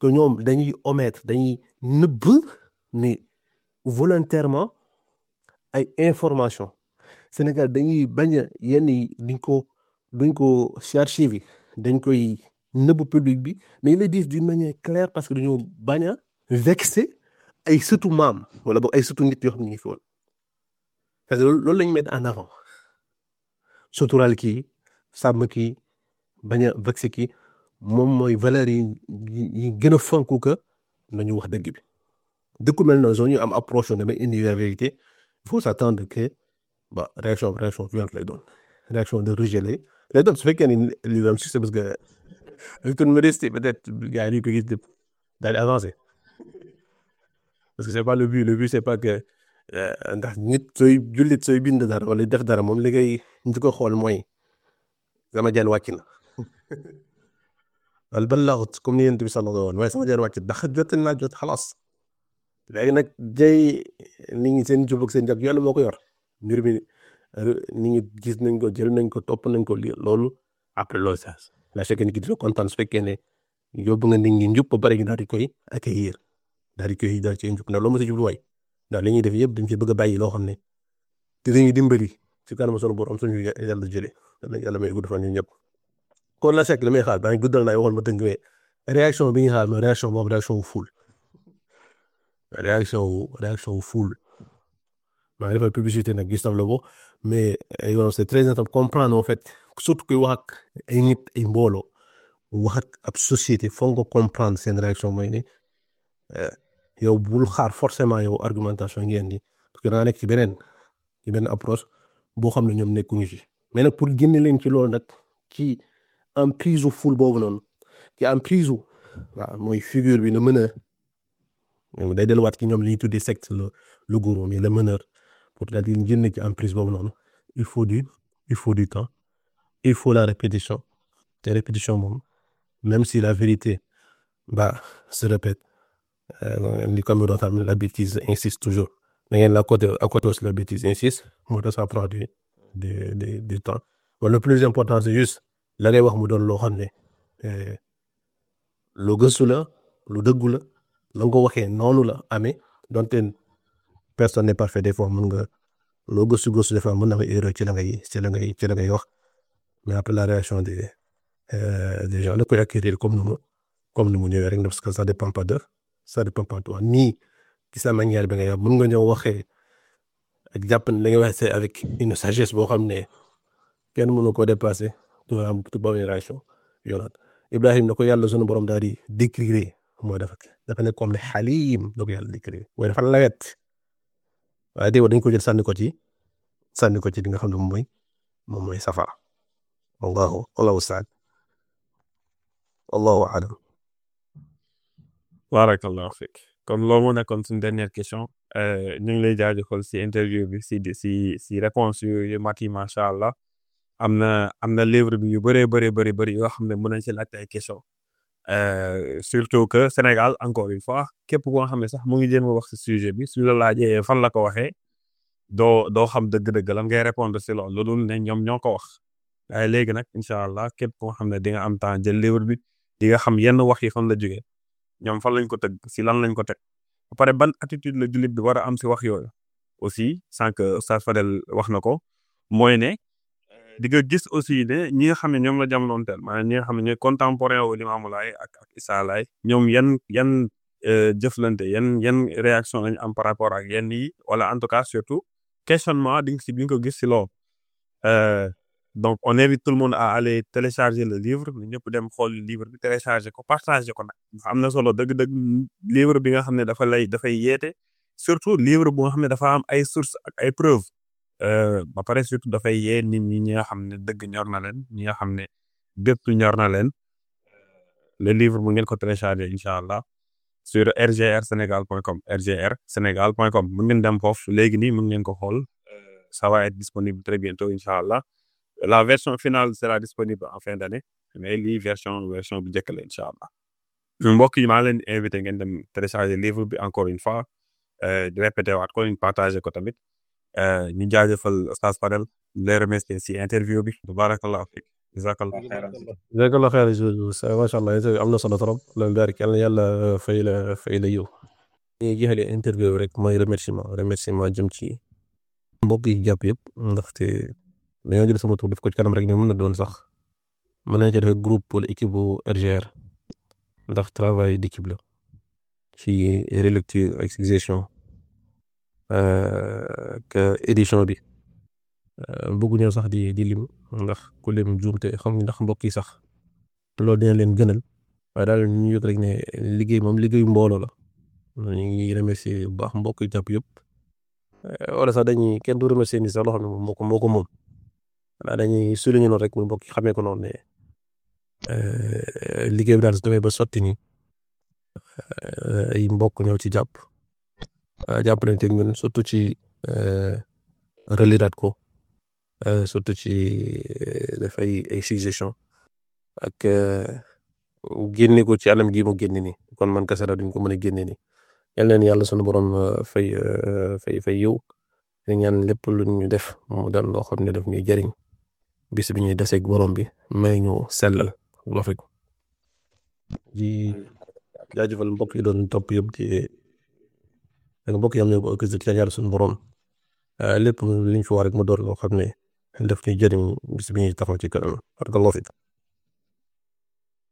que ñoom dañuy omettre dañuy nëbb ni volontairement ay information Sénégal dañuy bañ a yenn yi duñ ko duñ ko archive yi dañ koy nëbb public bi mais ils le disent d'une manière claire parce que dañoo bañ a vexé ay sëtu maam wala boog ay sëtu nit yoo xam ne ñu fi woon parce que loolu lañu mettre en avant suturaal kii sàmm ki bañ a vexé kii moom mooy valeurs yi yi gën a fonku que nañu wax dëgg bi dëkku mel noonu soo ñu am approche ne mais indi la vérité il faut de que ba réaction réaction violente lay doon réaction de rejet lay doon su fekkee ni li am succès parce que avec toute modestie yi ko gis de daal di avancer parce que c'est pas le but le but c'est pas que euh, ndax nit sooy jullit sooy bind dara wala def dara moom li ngay ñu ko xool mooy sama jaan wàcc na هل بلغتكم لي النبي صلى الله عليه وسلم waaye sama jabar wàcc ndax jot naa jot xalaas léegi nag jëy ni ngi seen jub ak seen jag yàlla moo ko yor mbir mi ni ngi gis nañ ko jël nañ ko topp nañ ko lii loolu après loolu sax la fekkee ni ki dina kontaan su fekkee ne yóbbu nga nit ñi njub ba pare di koy accueillir daal di koy daal di a jubluwaay ndax li ñuy def yëpp dañ fi bëgg bàyyi loo xam ne dinañu dimbali ci kanam sunu borom suñu yàlla jëlee yàlla may gudd fan ñu ñëpp kon la sekk damay xaar maa ngi guddal naa waxoon bi ñu xaar mooy réaction boobu réaction wu ful réaction wu réaction wu ful maa ngi nag gis la ko mais eh, yow c'est très important comprendre en fait surtout kuy wax ay nit ay mbooloo wax ak ab société foog nga comprendre seen réaction mooy ni eh, yow bul xaar forcément yow argumentation ngeen di parce que ci beneen ci beneen approche boo xam ne ñoom nekkuñu ci mais nag pour génne leen ci loolu nag ci. emprise u ful boobu noonu ki emprise u waaw mooy figure bi le meneur day delluwaat ki ñoom li ñuy tuddee lo le le la mais le meneur pour daal di en pris boobu noonu il faut du il faut du temps il faut la répétition te répétition moom même si la vérité bah se répète euh, li comme doon xam la bêtise insiste toujours da ngeen la côté à côté aussi la bêtise insiste moo tax ça du temps le plus important c'est juste la wax mu doon loo xam ne eh, lu gëstu la lu dëggu la la nga ko waxee noonu la amee donte personne n'est parfait des fois mun nga loo gëstu gëstu des fois mun na nga erreur ci la ngay ci la ngay ci la ngay wax mais après la réaction de euh, des gens la koy acquérir comme nu mu comme nu mu ñëwee rek parce que ça dépend pas de ça de toi nii ci sa manière bi ngay wax mun nga ñëw waxee ak jàpp ne li nga waxee avec une sagesse boo xam ne kenn mënu ko dépasser. du am boobu relation yonent Ibrahim na ko yàlla sunu borom daal di décrire mooy dafa dafa nekk comme ne xalim da ko yàlla décrire mooy dafa lawet waaye déggoo dañ ko jël sànni ko ci sànni ko ci li nga xam ne moom mooy moom mooy safara wallahu wallahu saad wallahu alam barakallahu kon loolu moo nekkoon suñu dernière question euh, ñu ngi lay jaajëfal si interview bi si si si réponse yooyu allah am na am na livre bi yu bëree bëree bëri bëri yoo xam ne mën nañ si laajte ay question euh, surtout que Sénégal encore une fois képp koo xam ne sax mu ngi jéem a wax si sujet bi suñu la laajee fan la ko waxee doo doo xam dëgg-dëgg lan ngay répondre si loolu loolu ne ñoom ñoo ko wax waaye léegi nag incha allah képp koo xam ne di nga am temps jël livre bi di nga xam yenn wax yi fan la jógee ñoom fan lañ ko teg si lan lañ ko teg ba pare ban attitude la jullit bi war a am si wax yooyu aussi sans que Oustaz Fadel wax na ko ne di nga gis aussi de ñi nga xam ne ñoom la jamonoonteel maanaam ñi nga xam ne ñooy contemporain wu Limaamu Laay ak ak Isaa Laay ñoom yan yan euh, jëflante yan yan réaction lañu am par rapport ak yenn yi wala en tout cas surtout questionnement di nga si bi nga ko gis si loolu euh, donc on invite tout le monde à aller télécharger le livre ñu ñëpp dem xool livre bi télécharger ko partager ko nag am na solo dëgg-dëgg livre bi nga xam ne dafa lay dafay yeete surtout livre bu nga xam ne dafa am ay sources ak ay preuves ba pare surtout dafay yee nit ñi ñi nga xam ne dëgg ñor na leen ñi nga xam ne gëstu ñor na leen le livre mu ngeen ko téléchargé incha allah sur rgr sénégal point com rgr sénégal point com mu ngeen dem foofu léegi nii mu ngeen ko xool ça va disponible disponible très bientôt incha allah la version finale sera disponible en fin d'année mais lii version version bu njëkk la incha allah mbokk yi maa leen invité ngeen dem télécharger livre bi encore une fois euh, di répété waat ko ñu ko tamit ñu jaajëfal Oustaz Fadel lay remercier si interview bi barakallahu fiik jazakallahu xeyran jazakallahu xeyran macha allah am na solo trop loolu daal yàlla na yàlla fay la fay la yow ñu jeexale interview rek mooy remerciement ma jëm ci mbokk yi jàpp yëpp ndaxte dañoo jël sama tur def ko ci kanam rek ne mën na doon sax mën nañ ci defee groupe wala équipe bu RGR ndax travail d'équipe la ci relecture ak euh, édition bi euh, bëggu ñëw sax di di lim ndax ku lim juumte xam ndax mbokk yi sax loolu dina leen gënal waaye daal ñu yëg rek ne liggéey moom liggéeyu mbooloo la ñu ngi remercier bu baax mbokk yi jàpp yëpp euh, wala sax dañuy kenn du remercier ni sax loo xam ne moo ko moom dañuy souligner rek bu mbokk yi xamee ko noonu ne liggéey bi daal su demee ba sotti nii ay mbokk ñëw ci jàpp. Euh, jàppalanteeg ñun surtout ci euh, relais Datco euh, surtout ci dafay ay suggestion ak génne ko ci anam gii mu génne nii kon man kasara duñ ko mën a génne ni yal na yàlla sunu borom fay fay fay yow di ñaan lu ñu def mu dal loo xam ne daf ñuy jariñ bis bi ñuy deseeg borom bi may ñu sellal loo fekk di mbokk yi doon topp yëpp ak mbokk yi am nañu ko gis di ñaan suñu borom lépp lu ñu rek mu door loo xam ne daf ñuy jëriñ bis bi ñuy taxaw ci kanam barakallahu fiik